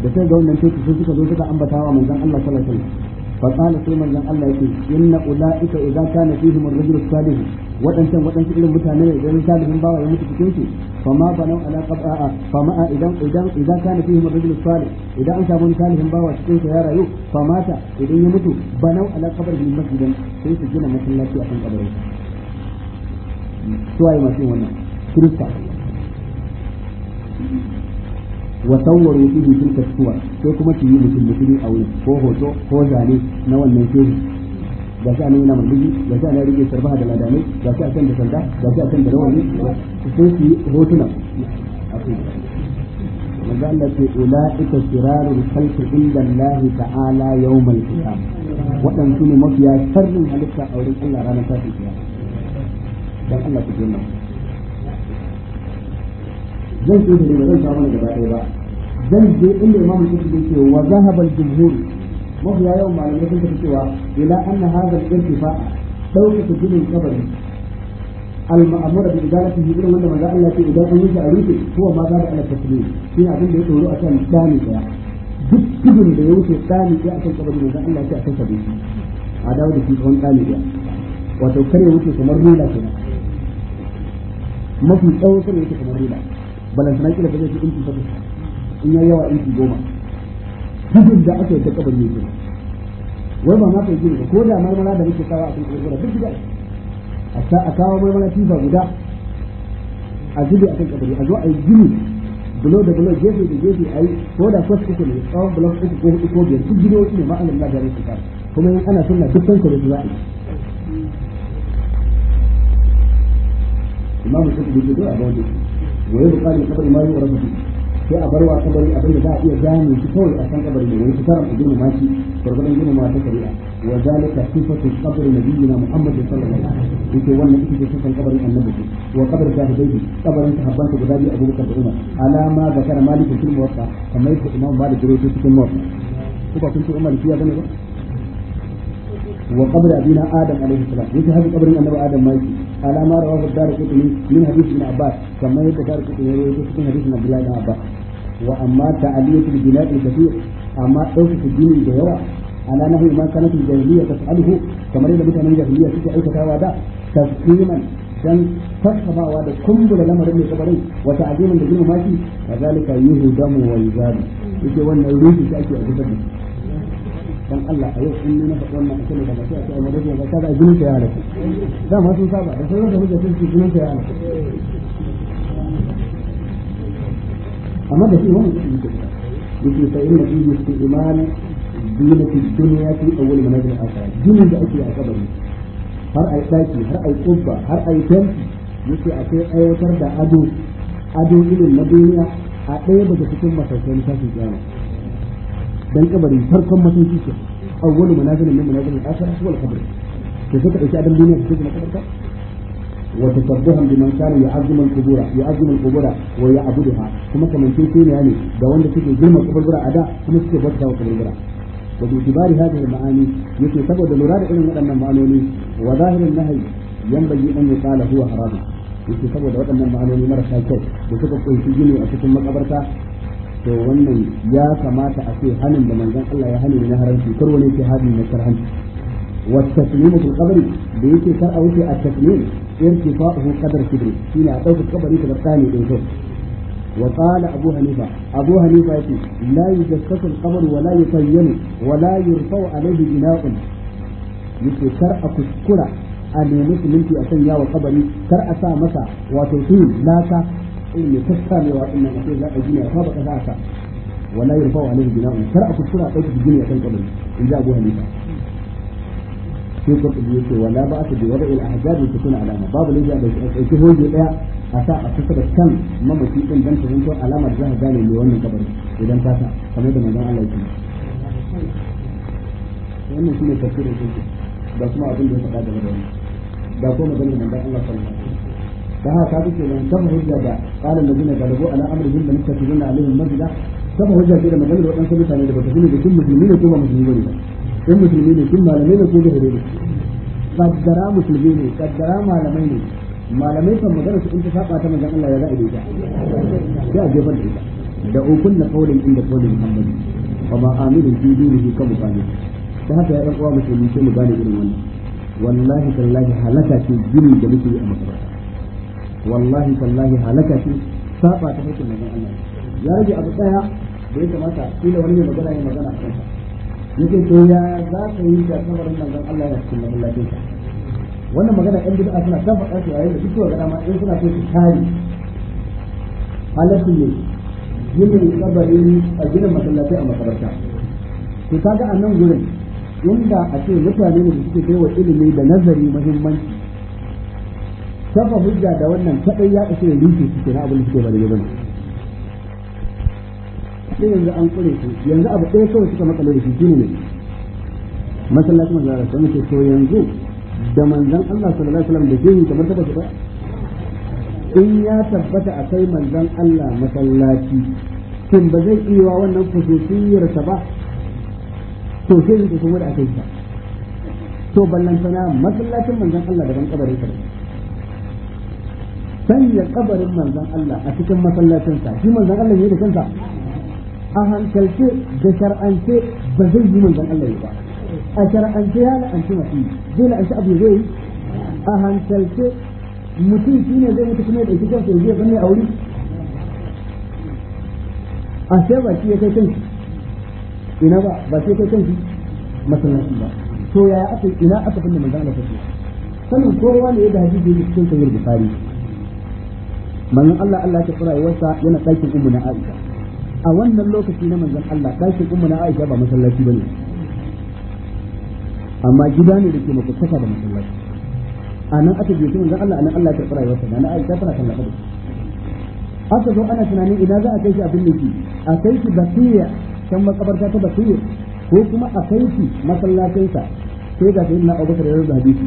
da sai ga wannan coci sun suka zo suka ambata wa manzon Allah sallallahu alaihi wasallam فقال سيما لن الله يقول إن أولئك إذا كان فيهم الرجل الصالح وأنت وأنت إلى متعمل إذا صالح باوى يموت في فما بنوا على قبعاء فما إذا إذا إذا كان فيهم الرجل الصالح إذا أنت من صالح باوى تكنس يا رايو فمات إذا يموت بنوا على قبره مسجدا سيس جنة مثل الله في أحسن قبره سواء ما فيه هنا كريستا wa sawwaru fihi tilka suwar sai kuma ki yi mutum mutumi a wurin ko hoto ko zane na wannan shehu ga shi anan yana mulki ga shi anan rike sarbaha da ladanai ga shi akan da sanda ga shi akan da rawani sai ki hotuna manzo Allah ce ulaika sirarul khalqi inda Allah ta'ala yawmal qiyam wadan su ne mafiya sharrin halitta a wurin Allah ranar tashin kiyama dan Allah ku jinna zan ce da zan samu ne gaba ɗaya ba zan je inda imamu shafi ke ce wa zahabal jumhur mafiya yawan malamai sun tafi cewa ila anna hadha al-irtifa dauka jinin qabri al-ma'mura bi idalati irin wanda manzo Allah ce idan an yi shi a rufe huwa ma za da ala tasbih shi abin da ya tsoro akan tsani daya duk tudun da ya wuce dani daya akan kabari manzo Allah ce akan sabbi a dawo da shi kan tsani daya wato kare wuce kamar rula kenan mafi tsawo sai yake kamar rula balantana kila ba zai fi inci sabu in ya yawa inci goma duk da aka yi ta kabar ne kuma wai ba ma ta yi ko da marmara da muke sawa a kan kabar duk da a a kawo marmara tifa guda a zubi a kan kabar a zo a yi gini bulo da bulo gefe da gefe a yi ko da kwas uku ne tsawon bulo uku ko hudu ko biyar duk gidowoci ne ma'anin na gare su kare kuma in ana sunna dukkan kwanar da za a yi imamu kudu da ke zo a ga wajen wa yubqa min qabri ma yu'rafu bihi sai a barwa kabari abin da za a iya gane shi kawai a san kabari da wani fitar a gina maki gurgurdan gina ma ta a. wa zalika na qabri nabiyina muhammad sallallahu alaihi wasallam yake wannan ita ce sifan kabarin annabi wa qabr shahidai kabarin sahabban ta guda biyu abubakar da umar alama zakara malik fil muwatta kamar yadda imam malik ya rawaito cikin muwatta ko ba kun ce umar ya bane ba وقبر أبينا آدم عليه السلام ليس هذا قبر أنه آدم ما يجي على ما رواه الدار قطني من حديث ابن عباس كما يتدار قطني من حديث عبد الله بن عباس وأما تعالية البناء الكثير أما أوصف الدين الجوهرة على نهي ما كانت الجاهلية تفعله كما لم تكن الجاهلية تكون أي تتواضع تفخيما dan fassabawa da kumbula lamarin mai kabarin wata azimin da girma shi kazalika yuhu damu wa yuzalu yake wannan ruhi shi ake a gudanar dan Allah a yau in na faɗi wannan akai da sai a ce amma dai ba kaga jinin ya rasu da ma sun saba da sauran da mutum su jinin ya rasu amma da shi wannan shi ke yake fa inna fi istimal dinati dunya fi awwal manazil al-akhirah dinin da ake a kabari har ai daki har ai kubba har ai tanti yake akai aiwatar da ado ado irin na duniya a ɗaya daga cikin matakan tashin kiyama dan kabari farkon mataki ke awwalu manazilin min manazilil akhirah wal qabr to suka dauki adam duniya su na kabarta wa tasabbuhan biman kana yu'azzimu al-qubura yu'azzimu al-qubura wa ya'buduha kuma kaman ce ne da wanda suke girma kaburbura a da kuma suke bauta wa kaburbura wa bi tibari hadhihi al-ma'ani yake saboda lura da irin waɗannan ma'anoni wa zahirin nahyi yanbaghi an yuqala huwa haramun yake saboda waɗannan ma'anoni marasa kyau da suka kunshi gini a cikin makabarta to wannan ya kamata a ce hanin da manzon Allah ya hani na haramci kar wani ke hadi na karhanci wa taslimu fil qabri da yake kar a wuce a taslim irtifa'uhu qadar kibri shine a dauka kabari da tsani din so wa qala abu hanifa abu hanifa yace la yujassasu al qabr wa la yusayyanu wa la yurfa'u alayhi bina'un yake kar a kuskura a nemi siminti a sanya wa kabari kar a sa masa wato sun laka أن كسر وإن المسير الدنيا طابق ذاك ولا يرفع عليه بناء شرع كسر قيد الدنيا كان قبل إن جاء أبو حنيفة في قطب يوسف ولا بأس بوضع الأحزاب تكون علامة باب اللي جاء بيشوفه يقول أساء كسر الشم ما مسيطين دم تنتو علامة جاه داني اللي وانا قبل إذا انتهى كما يدنا جاء الله يكون wannan shine tafsirin shi da kuma abin da ya faɗa daga da da kuma maganar manzon Allah فها كاتك لأن كم هجة قال الذين غلبوا على أمرهم لنتخذن عليهم مسجدا كم هجة كده مجال وأن سمعت عليه بتقول بكل مسلمين كما مسلمين كم مسلمين كم معلمين كم جهلين قدرا مسلمين قدرا معلمين malamai kan magana su in ta saba ta manzon Allah ya za'a ita sai a jefar da ita da ukun na kaulin inda kaulin Muhammad fa ma aminu fi dinihi kan mutane ta haka ya ɗan uwa musulmi sai mu gane irin wannan wallahi tallahi ce gini da muke yi a makaranta wallahi tallahi halaka shi saba ta hukumin manzon Allah ya rage abu daya da ya kamata kila wani mai magana ya magana a kansa yake to ya za ka yi da nan manzon Allah ya cikin mallakacin ka wannan magana ɗan bid'a suna ta faɗa su yayin da duk wa gada ma in suna so su kare halattun ne ginin kabari a ginin masallatai a makaranta to kaga a nan gurin inda a ce mutane ne da suke kai wa ilimi da nazari muhimmanci kafa hujja da wannan kadai ya kace rufe shi na abin da suke ba gaban sai yanzu an kure su yanzu abu ɗaya kawai suka matsala da shi shine ne masallaci manzara sai muke to yanzu da manzon Allah sallallahu alaihi wasallam da jini kamar tabbata ba in ya tabbata akai manzon Allah masallaci kin ba zai iya wannan fusosiyar ta ba to sai da kuma da akai ta to ballantana masallacin manzon Allah daban kabarin sa sanya kabarin manzon Allah a cikin masallacinsa shi manzon Allah ne da kansa a hankalce da shar'ance ba zai yi manzon Allah ba a shar'ance ya la'anci masu zai la'anci abu zai a hankalce mutum shi ne zai mutu kuma ya ɗauki kansa ya je a wuri a sai ba shi ya kai kanki ina ba ba shi ya kai kanki masallaci ba to yaya aka ina aka binne manzon Allah ta ce sanin kowa ne yadda hadisi yake cikin sahih bukhari manzon Allah Allah ya tsara wasa yana ɗakin ummu na Aisha a wannan lokaci na manzon Allah ɗakin ummu na Aisha ba masallaci bane amma gida ne da ke makwabtaka da masallaci a nan aka jefi manzon Allah a nan Allah ya tsara yawarsa da na Aisha tana tallafa da aka zo ana tunanin idan za a kai shi abin da ke a kai shi basiya kan makabarta ta basiya ko kuma a kai shi sa, sai ga sayyidina Abubakar ya rubuta hadisi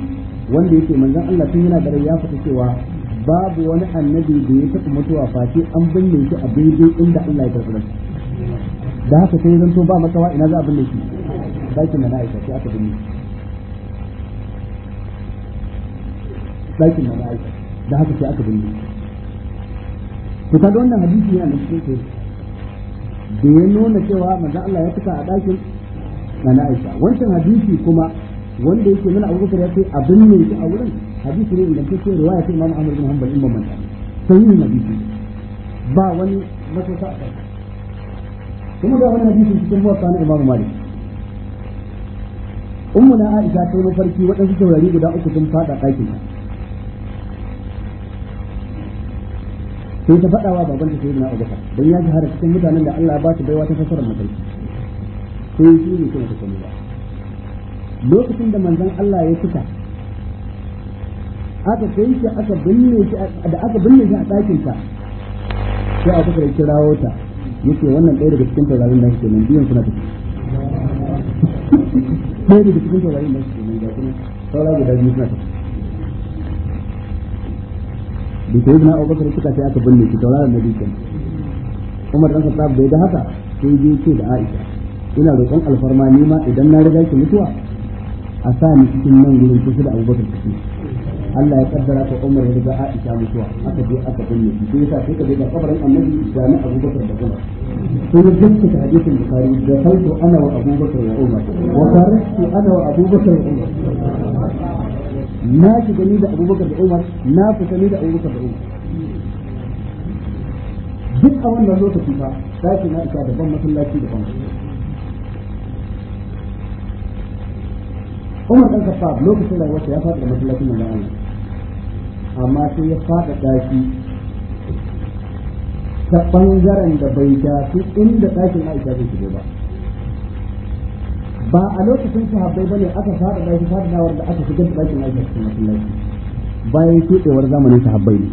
wanda yake manzon Allah tun yana da ya fata cewa babu wani annabi da ya taɓa mutuwa face an binne shi a daidai inda Allah ya karɓi shi da haka sai zan to ba makawa ina za a binne shi dakin aisha sai aka binne dakin aisha da haka sai aka binne to kaga wannan hadisi ne a cikin sai da ya nuna cewa manzo Allah ya fita a dakin aisha, wancan hadisi kuma wanda yake nuna Abu ya ce a binne shi a wurin hadisi ne ingantacce riwaya ta Imam Ahmad bin Hanbal in sai sahihin hadisi ba wani masauka a kai kuma ga wani hadisi cikin muwatta na imamu Malik ummu na Aisha ta yi farki waɗansu taurari guda uku sun fada ɗakin ta sai ta faɗa wa babanta sai na Abubakar dan ya ji har cikin mutanen da Allah ya ba su baiwa ta fassara mafarki sai shi ne kuma ta ba lokacin da manzon Allah ya fita aka kai shi aka binne shi da aka binne shi a ɗakin ta sai a kuka kirawo ta yake wannan ɗaya daga cikin taurarin da ke nan biyan suna tafi ɗaya daga cikin taurarin da ke nan da kuma saura guda biyu suna tafi da ke ibn abubakar suka sai aka binne shi tauraron na biyu umar dan khattab bai da haka sai je ce da aisha ina roƙon alfarma ma idan na riga ki mutuwa a sa ni cikin nan gurin kusa da abubakar cikin Allah ya kaddara ta Umar ya riga Aisha mutuwa aka je aka binne shi sai yasa sai ka ga kabarin Annabi da na Abu Bakar da Umar sai ya gaskata hadisin Bukhari da sauto ana wa Abu Bakar wa Umar wa tarihi ana wa Abu Bakar wa Umar na shiga gani da Abu Bakar da Umar na fita gani da Abu Bakar da Umar duk a wannan lokaci fa sai na isa da ban masallaci da ban Umar ɗan Khattab lokacin da ya faɗi da masallacin manzon Allah amma sai ya fada shi ta ɓangaren da bai su inda ɗakin Aisha zai shigo ba ba a lokacin sahabbai bane aka faɗaɗa shi faɗaɗawar da aka shigar da ɗakin Aisha cikin masallaci bayan shuɗewar zamanin sahabbai ne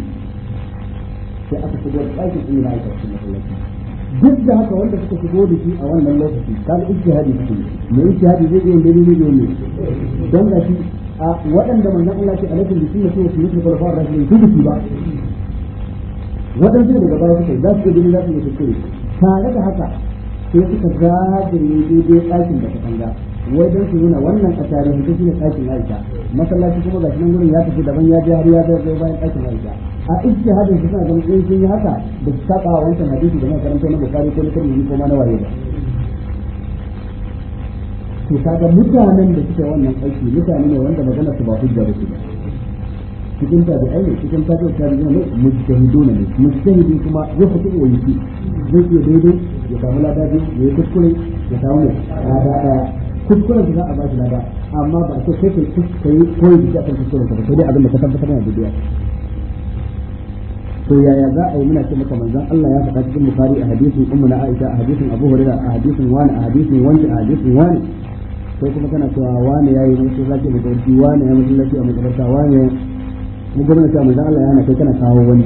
sai aka shigo da ɗakin inda Aisha cikin masallaci duk da haka wanda suka shigo da shi a wannan lokaci kan ijtihadi su ne ijtihadi zai iya yin dalili ne don da shi a waɗanda manzan Allah ke alaikum da sunnati wa sunnati khulafa'ir rashidin su biki ba waɗansu daga baya suka za su gani za su yi kuskure tare da haka sai suka zagaye daidai ɗakin da kanga wai don su nuna wannan a tarihin ta shine ɗakin Aisha masallaci kuma ga nan gurin ya tafi daban ya je har ya zai bayan ɗakin Aisha a hadin su suna ganin in sun yi haka da su saba wancan hadisi da na karanta na Bukhari ko na Tirmidhi ko ma na waye ba to kaga mutanen da suke wannan aiki mutane ne wanda magana su ba su da su cikin da ne cikin da tarihi ne mujtahiduna ne mujtahidi kuma ya fito wa yake zai iya daidai ya samu lada biyu ya yi kuskure ya samu lada daya da za a ba shi lada amma ba a sai kai kai kuskure ko yi jiki akan kuskuren ka sai abin da ka tabbatar da bidiya to yaya za a yi muna ce maka manzon Allah ya faɗa cikin Bukhari a hadisin Ummu na Aisha a hadisin Abu Hurairah a hadisin wani a hadisin wani a hadisin wani ko kuma kana cewa wani yayi masallaci da gauci wani yayi masallaci a makabarta wani mu gwamnati manzo Allah na kai kana kawo wani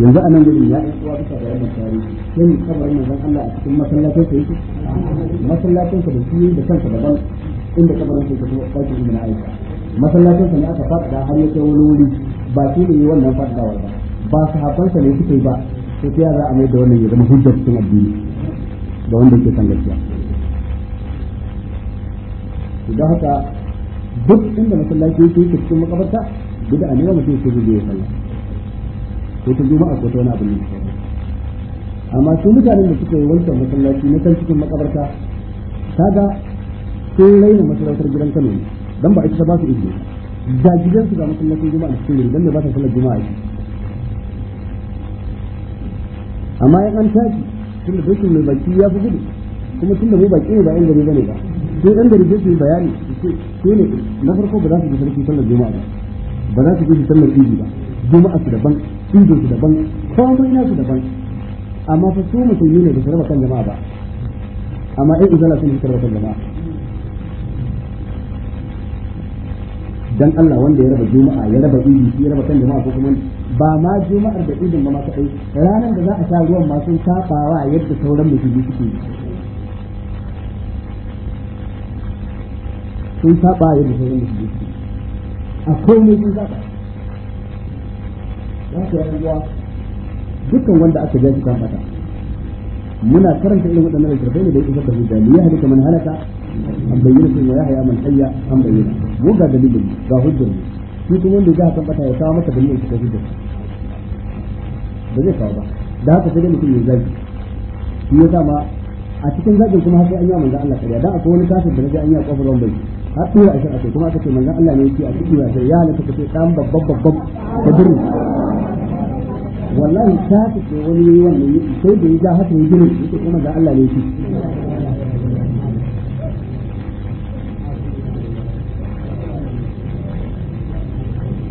yanzu anan gudun ya yi kuwa bisa da yawan tarihi sai kabarin manzon Allah a cikin masallacin sa yake masallacin sa da shi da kansa daban inda kabarin sa yake ɗakin ibn Aisha masallacin sa ne aka fada har ya kai wani wuri ba shi ne wannan fadawa ba ba sahabban sa ne suke yi ba to sai ya za a mai da wannan ya zama hujjar cikin addini da wanda ke kan gaskiya idan haka duk inda masallaci yake yake cikin makabarta a nema mutum yake zuwa ya sallah ko ta juma'a ko ta wani abu ne amma su mutanen da suka yi wancan masallaci na kan cikin makabarta kaga sun raina masarautar gidan Kano ne dan ba ita ba su izini da gidan su ga masallacin juma'a cikin gari dan ne ba ta sallar juma'a amma yan an tashi tunda dokin mai baki ya fi gudu kuma tunda mu baki ne ba yan gari bane ba sai dan gari sai su bayani sai ne na farko ba za su ji sarki sallar juma'a ba ba za su ji sallar idi ba juma'a su daban idin su daban komai na su daban amma fa su musulmi ne da su kan jama'a ba amma ɗan izala sun fitar da kan jama'a dan Allah wanda ya raba juma'a ya raba idi ya raba kan jama'a ko kuma ba ma juma'ar da idin ba masu aiki ranar da za a sha ruwan masu a yadda sauran musulmi suke yi sun saba yadda sauran da suke yi a komai sun saba za ka yi ruwa dukkan wanda aka gaji shi kan muna karanta irin waɗannan littattafai ne da yake saka hujja ne ya halitta man halaka an bayyana sun ya haya man hayya an bayyana mu ga dalilin ga hujjar mu shi kuma wanda ya kan bata ya kawo masa dalilin shi ta hujja ba zai kawo ba da haka sai dai mutum mai zagi shi ya ma a cikin zagin kuma haka an yi manzan Allah kariya dan akwai wani kafin da naji an yi a kofar bai har tura a kai kuma aka ce manzan Allah ne yake a cikin ashin ya halaka kace dan babban babban badru wallahi kafin wani wannan sai da ya ja haka ya gina yake kuma da Allah ne yake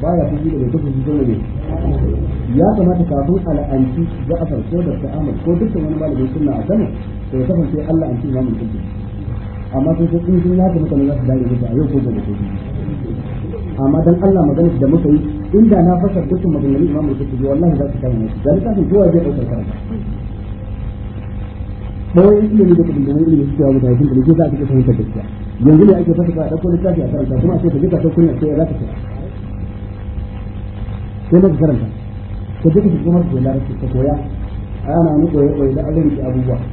baya fi da bai ta fushi ne ya kamata kafin al'anci za a farko da ta'amul ko dukkan wani malamin sunna a kano to ya Allah an ci mun kullu amma sai ko kun sun ya kamata za su dage da a yau ko gobe amma dan Allah magana da muka yi inda na fasa dukkan imamu imamin kullu wallahi za su kama ne da littafin kowa zai daukar karanta bayan ilimi da kudin da ilimi da cewa mutane sun da ne za a cikin fahimtar gaskiya yanzu ne ake fasa ka a ɗauko a karanta kuma a ce ka jika sau kunya sai ya za ka kira sai na karanta ko duka kuma ko koya ana ni da abubuwa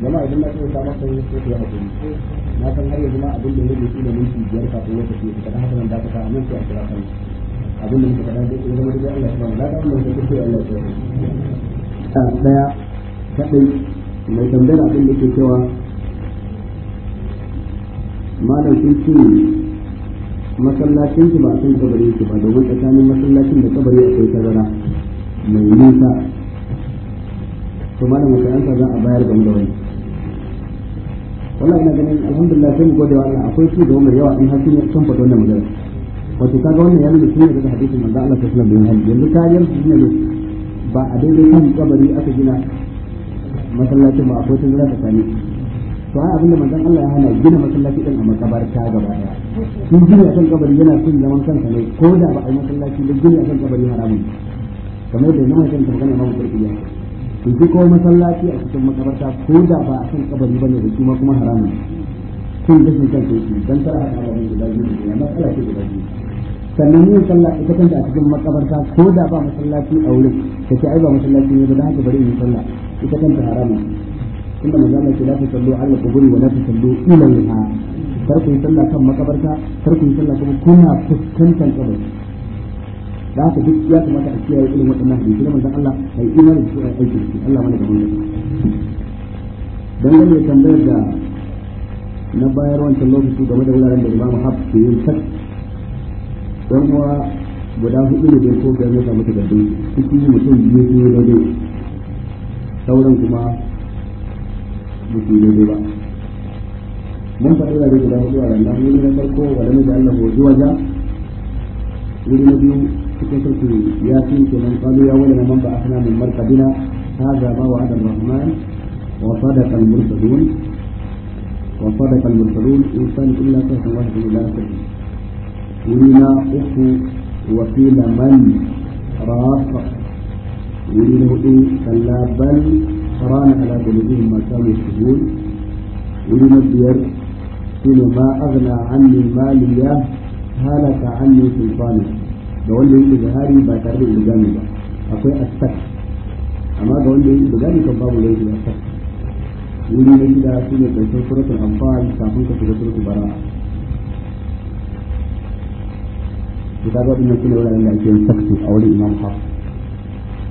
jama'a idan na ce ta masa ya hakuri na san har yanzu ma abin da da minti biyar da ka amince a kira kan abin da dai zama Allah da Allah daya kadai mai tambayar abin da cewa malam masallacin ki ba a san bari ki ba domin tsakanin masallacin da kabari akwai tazara mai nisa to malam wata ansa za a bayar game da wani wallahi ina ganin alhamdulillah sai mu gode wa Allah akwai ci gaba mai yawa in har sun san fado wannan magana wato kaga wannan ya nuna sunna daga hadisin manzo Allah sallallahu alaihi wasallam yanzu kariyar su ne ba a daidai kan kabari aka gina masallacin ba akwai tazara tsakani to ai abinda manzo Allah ya hana gina masallaci din a makabarta gaba daya in gini kan kabari yana kun zaman kansa ne ko da ba a yi masallaci da gini kan kabari haramun kamar da yana kan tabbakan imam turkiya to duk ko masallaci a cikin makabarta ko da ba a kan kabari bane da kuma kuma haramun kun da gashin kansa yake dan tara hada da guda biyu da matsala ce guda biyu sannan yin sallah ita kanta a cikin makabarta ko da ba masallaci a wurin ka ce ai ba masallaci ne ba dan haka bari in sallah ita kanta haramun tunda manzo Allah ya ce la tusallu ala quburi wa la tusallu ilayha kar ku yi sallah kan makabarta kar ku yi sallah kuma kuna fuskantar kabari da haka duk ya kamata a kiyaye irin waɗannan hadisi na manzon Allah ai imani da ai aiki da Allah mana gaban da dan gane tambayar da na bayar wancan lokaci game da wuraren da Imam Hab ke yin tak dan uwa guda hudu ne dai ko biyar ne samu takardun ciki mutum biyu ne daidai sauran kuma mutum daidai ba من فقيل بيت له جوالا لم يلن تركه ولم يجعل له جوزا يقول النبي تكسر في ياسين كمن قالوا يا ولنا من بعثنا من مركبنا هذا ما وعد الرحمن وصدق المرسلون وصدق المرسلون انسان الا كان واحد لا شك ولنا اخو وقيل من راق ولنا مؤمن كلا بل قران على قلوبهم ما كانوا يكتبون ولنا الديار shine ma aghna anni maliya halaka anni sultani da wanda yi zahari ba tare da ilgami ba akwai astak amma ga wanda yi ilgami kan babu laifi astak wuri na gida su ne karshen suratul amfani kafin ka shiga suratul bara to kaga wannan kuma wuraren da ake yin saktu a wani imam haf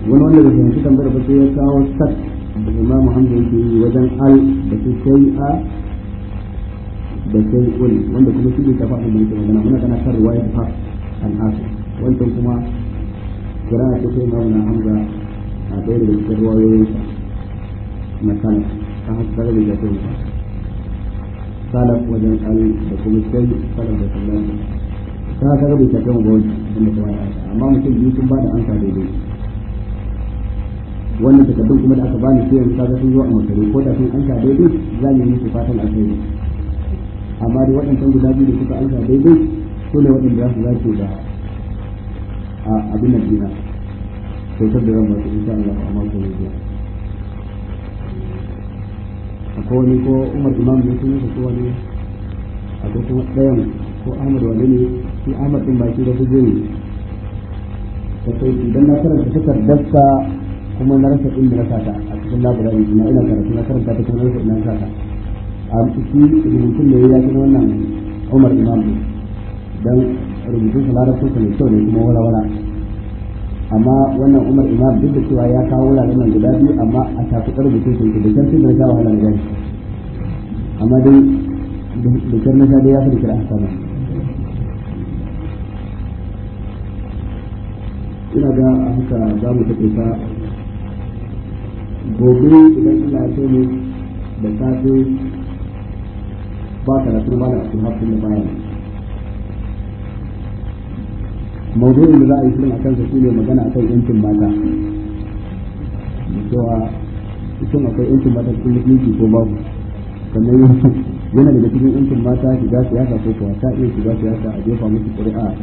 wani wanda bai fahimci tambayar ba sai ya kawo sakt da imam hamdu yake yi wajen al da su sai a da sai kore wanda kuma shi ne tafi abin da yake magana muna kana kan riwayat fa an asu wancan kuma kira ta sai na hamza a ɗaya daga cikin riwayoyinsa na kan ta hasar da ya kai salaf wajen al da kuma sai salaf da sallan ta ga rubuta kan gobe inda kuma ya amma mutum biyu sun ba da ansa daidai wannan takaddun kuma da aka bani sai yanzu kaga sun zo a makare ko da sun ansa daidai za mu yi musu fatan alheri amma da waɗancan guda biyu da suka aika daidai su ne waɗanda za su dace da abin da dina ta da ran masu insha Allah amma ko ne zuwa akwai wani ko Umar Imam ne sun yi kowa ne akwai kuma ɗayan ko Ahmad wani ne shi Ahmad ɗin baki da su zai sai idan na karanta daska kuma na rasa inda na sata a cikin labarai ina ina karatu na karanta ta kuma na rasa ina sata a cikin rubutun da ya yi wannan umar imam don rubutun salarar sosa mai kyau ne kuma wala-wala amma wannan umar imam duk da cewa ya kawo wuraren nan guda biyu amma a tafiƙar rubutun sun da kyan sun da wahala da gani amma dai da kyan na dai ya fi da kira a sama ina ga haka za mu tafi ta gobe idan ina so ne da safe ba karatu malam a cikin hafsin da bayan maudu'in da za a yi shirin a kan su ne magana a kan yankin mata da cewa cikin akwai yancin mata cikin mutunci ko babu sannan yana daga cikin yankin mata shiga siyasa ko kuwa ta iya shiga siyasa a jefa musu ƙuri'a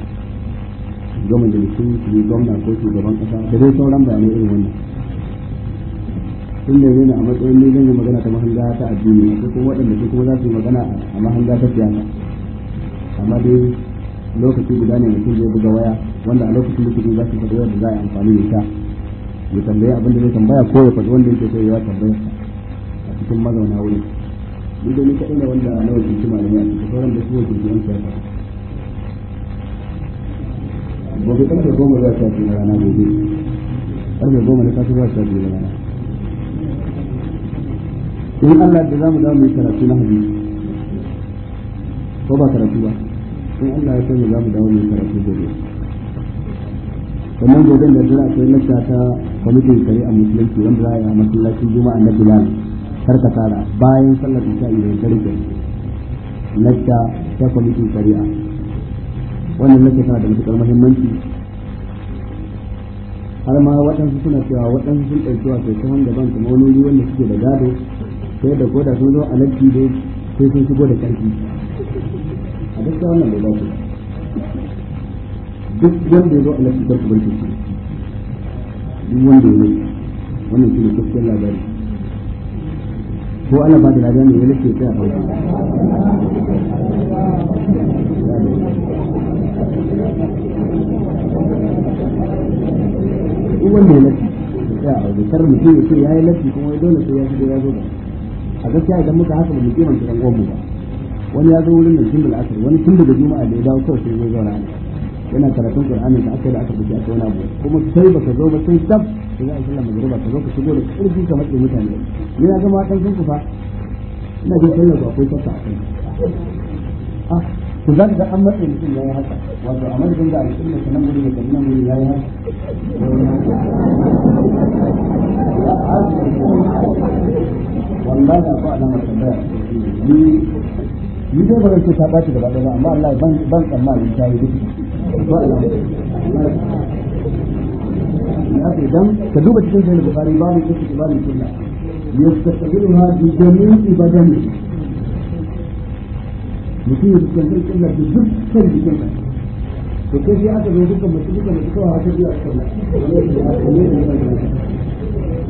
gama da mutum su yi gwamna ko shugaban ƙasa da dai sauran bayanai irin wannan sun nemi na a matsayin ni zan yi magana ta mahanga ta addini ko kuma waɗanda su kuma za su yi magana a mahanga ta siyasa amma dai lokaci guda ne mutum zai buga waya wanda a lokacin lokacin za su faɗi wanda za a yi amfani da ita ya tambaye abin da zai tambaya ko ya faɗi wanda yake so ya tambaya a cikin mazauna wuri ni dai ni kaɗai ne wanda na wakilci malamai a cikin sauran da su wakilci yan siyasa gobe ƙarfe goma za sha biyu na rana gobe ƙarfe goma da safe zuwa sha biyu na rana in Allah da mu dawo mu yi karatu na hadisi ko ba karatu ba in Allah ya sani zamu dawo mu yi karatu gobe sannan gobe da jira akwai lakta ta kwamitin a musulunci wanda za a yi a masallacin juma'a na bilal har ka tsara bayan sallar isha'i da karfe lakta ta kwamitin a wannan lakta tana da matuƙar muhimmanci har ma waɗansu suna cewa waɗansu sun ɗauki wato ta wanda ban kamar wani wanda suke da gado sai da koda sun zo a alaji dai sai sun shigo da karfi a duk wannan da ba duk wanda ya zo alaji da kuma shi duk wanda ya yi wannan shi ne gaskiyar labari ko ana ba da labari ne nake sai a farko duk wanda ya lafi ya a wajen karni mutum ya ya yi lafi kuma dole sai ya shigo ya zo ba a gaskiya idan muka haka ba mu kimanta dan uwan ba wani ya zo wurin nan tun da asar wani tun daga juma'a da ya dawo kawai sai zai zauna yana karatun qur'ani da aka yi da aka buki aka wani abu kuma sai baka zo ba sai tab sai za a sallar magruba ka zo ka shigo da karfi ka matsayi mutane yana zama dan sun kufa ina jin sallar ba akwai tsafta a kai ah, to za ka ga an matsayi mutum ya yi haka wato a madadin da a sunna sanan gudu da gani gudu ya yi haka wallahi na fa'a na masallaya ni ni dai ba ce ta ɓaci gaba ɗaya amma Allah ban tsammani ta yi duk haka idan ka duba cikin sahih bukhari babu kitab babu sunna yastaqiluha bi jami'i badani mutum ya fuskantar kalla da duk kan jikin sa to ko sai aka zo dukkan mutum dukkan da suka wata biyu a kalla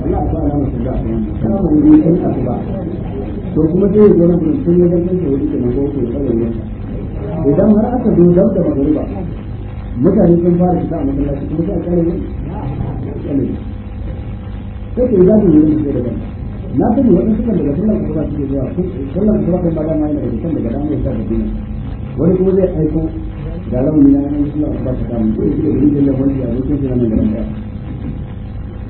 Allah ta ala mutum da kama wuri to kuma sai ya zo da sun wajen kan wuri da mago ko kallon wuri idan har aka zo dab da magariba mutane sun fara fita a masallaci kuma sai a kallon wuri sai ke zaɓin wurin da ke da banta na sani wani sukan daga sallan asuba suke zuwa sallan asuba kan ba dama yana daga can daga dama ya da dina wani kuma zai aiko ga launi na nan sallan asuba ta kama ko yake da rijin da wani yaro ko jira nan da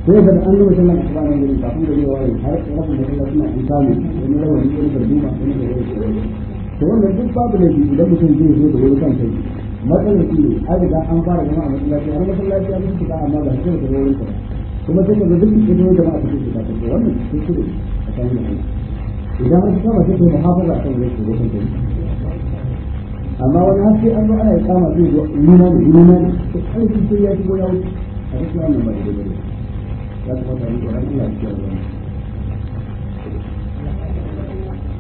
ko yadda an gama sallan asuba nan garin kafin da zuwa wani har rafin da sallan suna an samu wani launi ko wani da wani to wannan duk babu da shi idan mutum zai zo da wani kan sai matsalar shi ne an an fara zama a masallaci har masallaci an fita amma ba shi da kuma sai duk da yau jama'a take shiga ta wannan sun shiru a kan nan idan an saba sai kuma hafaza kan zai shigo kan kai amma wani haske an zo ana kama zai zo nuna ne nuna ne to kai shi sai ya shigo ya wuce a cikin wannan ba da dare ya kuma ta yi ƙoran ina cikin wannan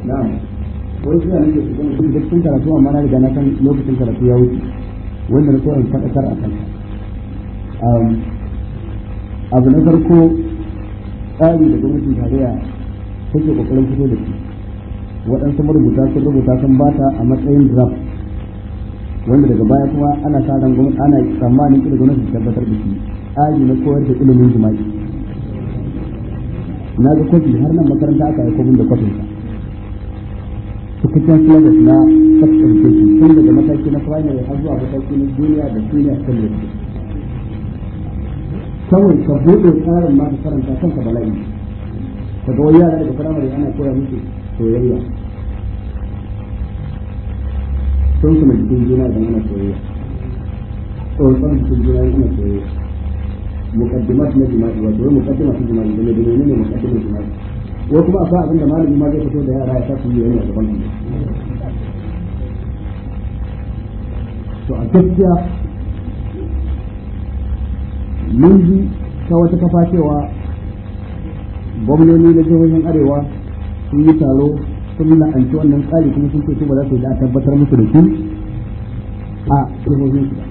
na'am wani suna nake su gani duk sun karatu amma na riga na kan lokacin karatu ya wuce wanda na so in faɗakar a kansa abu na farko tsari da gwamnatin tarayya take kokarin fito da shi waɗansu marubuta sun rubuta sun ta a matsayin draft wanda daga baya kuma ana sa ran gwamnati ana tsammanin ilimin gwamnati tabbatar da shi tsari na koyar da ilimin jima'i na ga kwafi har nan makaranta aka yi min da kwafin sa cikakken syllabus na sex education tun daga mataki na primary har zuwa mataki na duniya da senior secondary kawai ka buɗe tsarin ma ka karanta kanka bala'i ka ga yara daga firamare ana koya musu soyayya sun kuma jikin juna idan ana soyayya tsoron jikin juna idan ana soyayya mukaddimat na jima'i wato wai mukaddimat na jima'i da ne ne mukaddimat jima'i wai kuma akwai abin da malami ma zai fito da yara ya sa su yi yana gaban su to a gaskiya mun ji ta wata kafa cewa gwamnoni na jihohin arewa sun yi taro sun na'anci wannan tsari kuma sun ce su ba za su yi da tabbatar musu da shi a jihohin su ba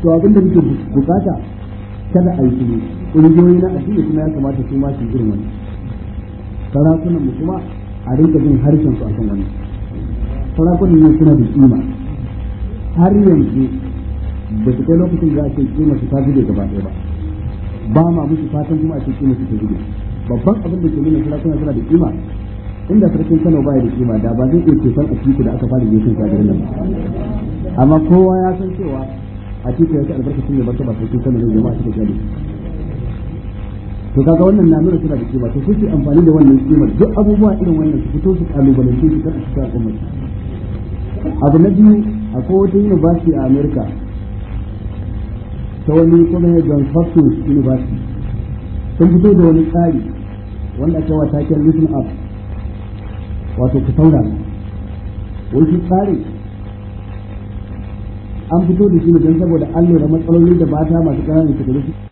to abin da muke bukata kada a yi shiru ƙungiyoyi na addini kuma ya kamata su ma su yi irin wannan sarakunan mu kuma a rinka jin harshen su a kan wani. sarakunan nan suna da kima har yanzu ba su kai lokacin da ake kima su ta zube gaba ɗaya ba ba ma musu fatan kuma a ake kima su ta zube babban abin da ke nuna sarakuna suna da kima inda sarkin Kano baya da kima da ba zai iya ce san a Atiku da aka fara yekin sagarin nan amma kowa ya san cewa Atiku ya ci albarkacin da martaba sarkin Kano zai zama a cikin gari to kaga wannan na nuna suna da kima to kuke amfani da wannan kimar duk abubuwa irin wannan su fito su kalubalance su kan su ta al'umma abu na biyu akwai wata yin university a America ta wani college John Hopkins University sun fito da wani tsari wanda cewa ke listen up wato ku saurara wani tsari an fito da shi ne don saboda an lura matsaloli da mata masu ƙananan shekaru